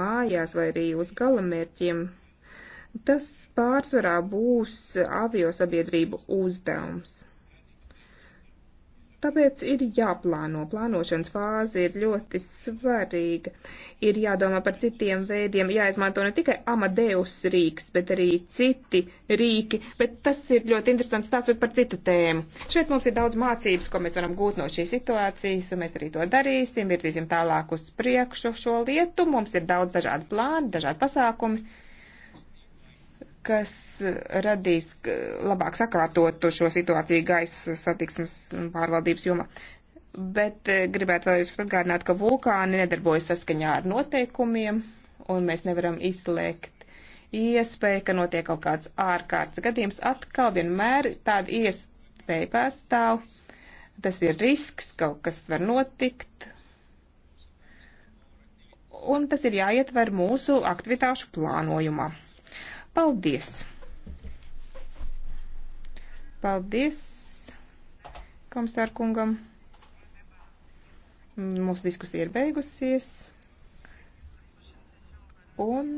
mājās vai arī uz galamērķiem, tas pārsvarā būs aviosabiedrību uzdevums. Tāpēc ir jāplāno. Plānošanas fāze ir ļoti svarīga. Ir jādomā par citiem veidiem, jāizmanto ne tikai amadeus rīks, bet arī citi rīki. Bet tas ir ļoti interesants stāsts par citu tēmu. Šeit mums ir daudz mācības, ko mēs varam gūt no šīs situācijas, un mēs arī to darīsim, virzīsim tālāk uz priekšu šo lietu. Mums ir daudz dažādu plānu, dažādu pasākumu kas radīs labāk sakārtotu šo situāciju gaisa satiksmes pārvaldības jomā. Bet eh, gribētu vēlreiz atgādināt, ka vulkāni nedarbojas saskaņā ar noteikumiem, un mēs nevaram izslēgt iespēju, ka notiek kaut kāds ārkārtas gadījums. Atkal vienmēr tāda iespēja pastāv. Tas ir risks, kaut kas var notikt, un tas ir jāietver mūsu aktivitāšu plānojumā. Paldies! Paldies komisārkungam. Mūsu diskusija ir beigusies. Un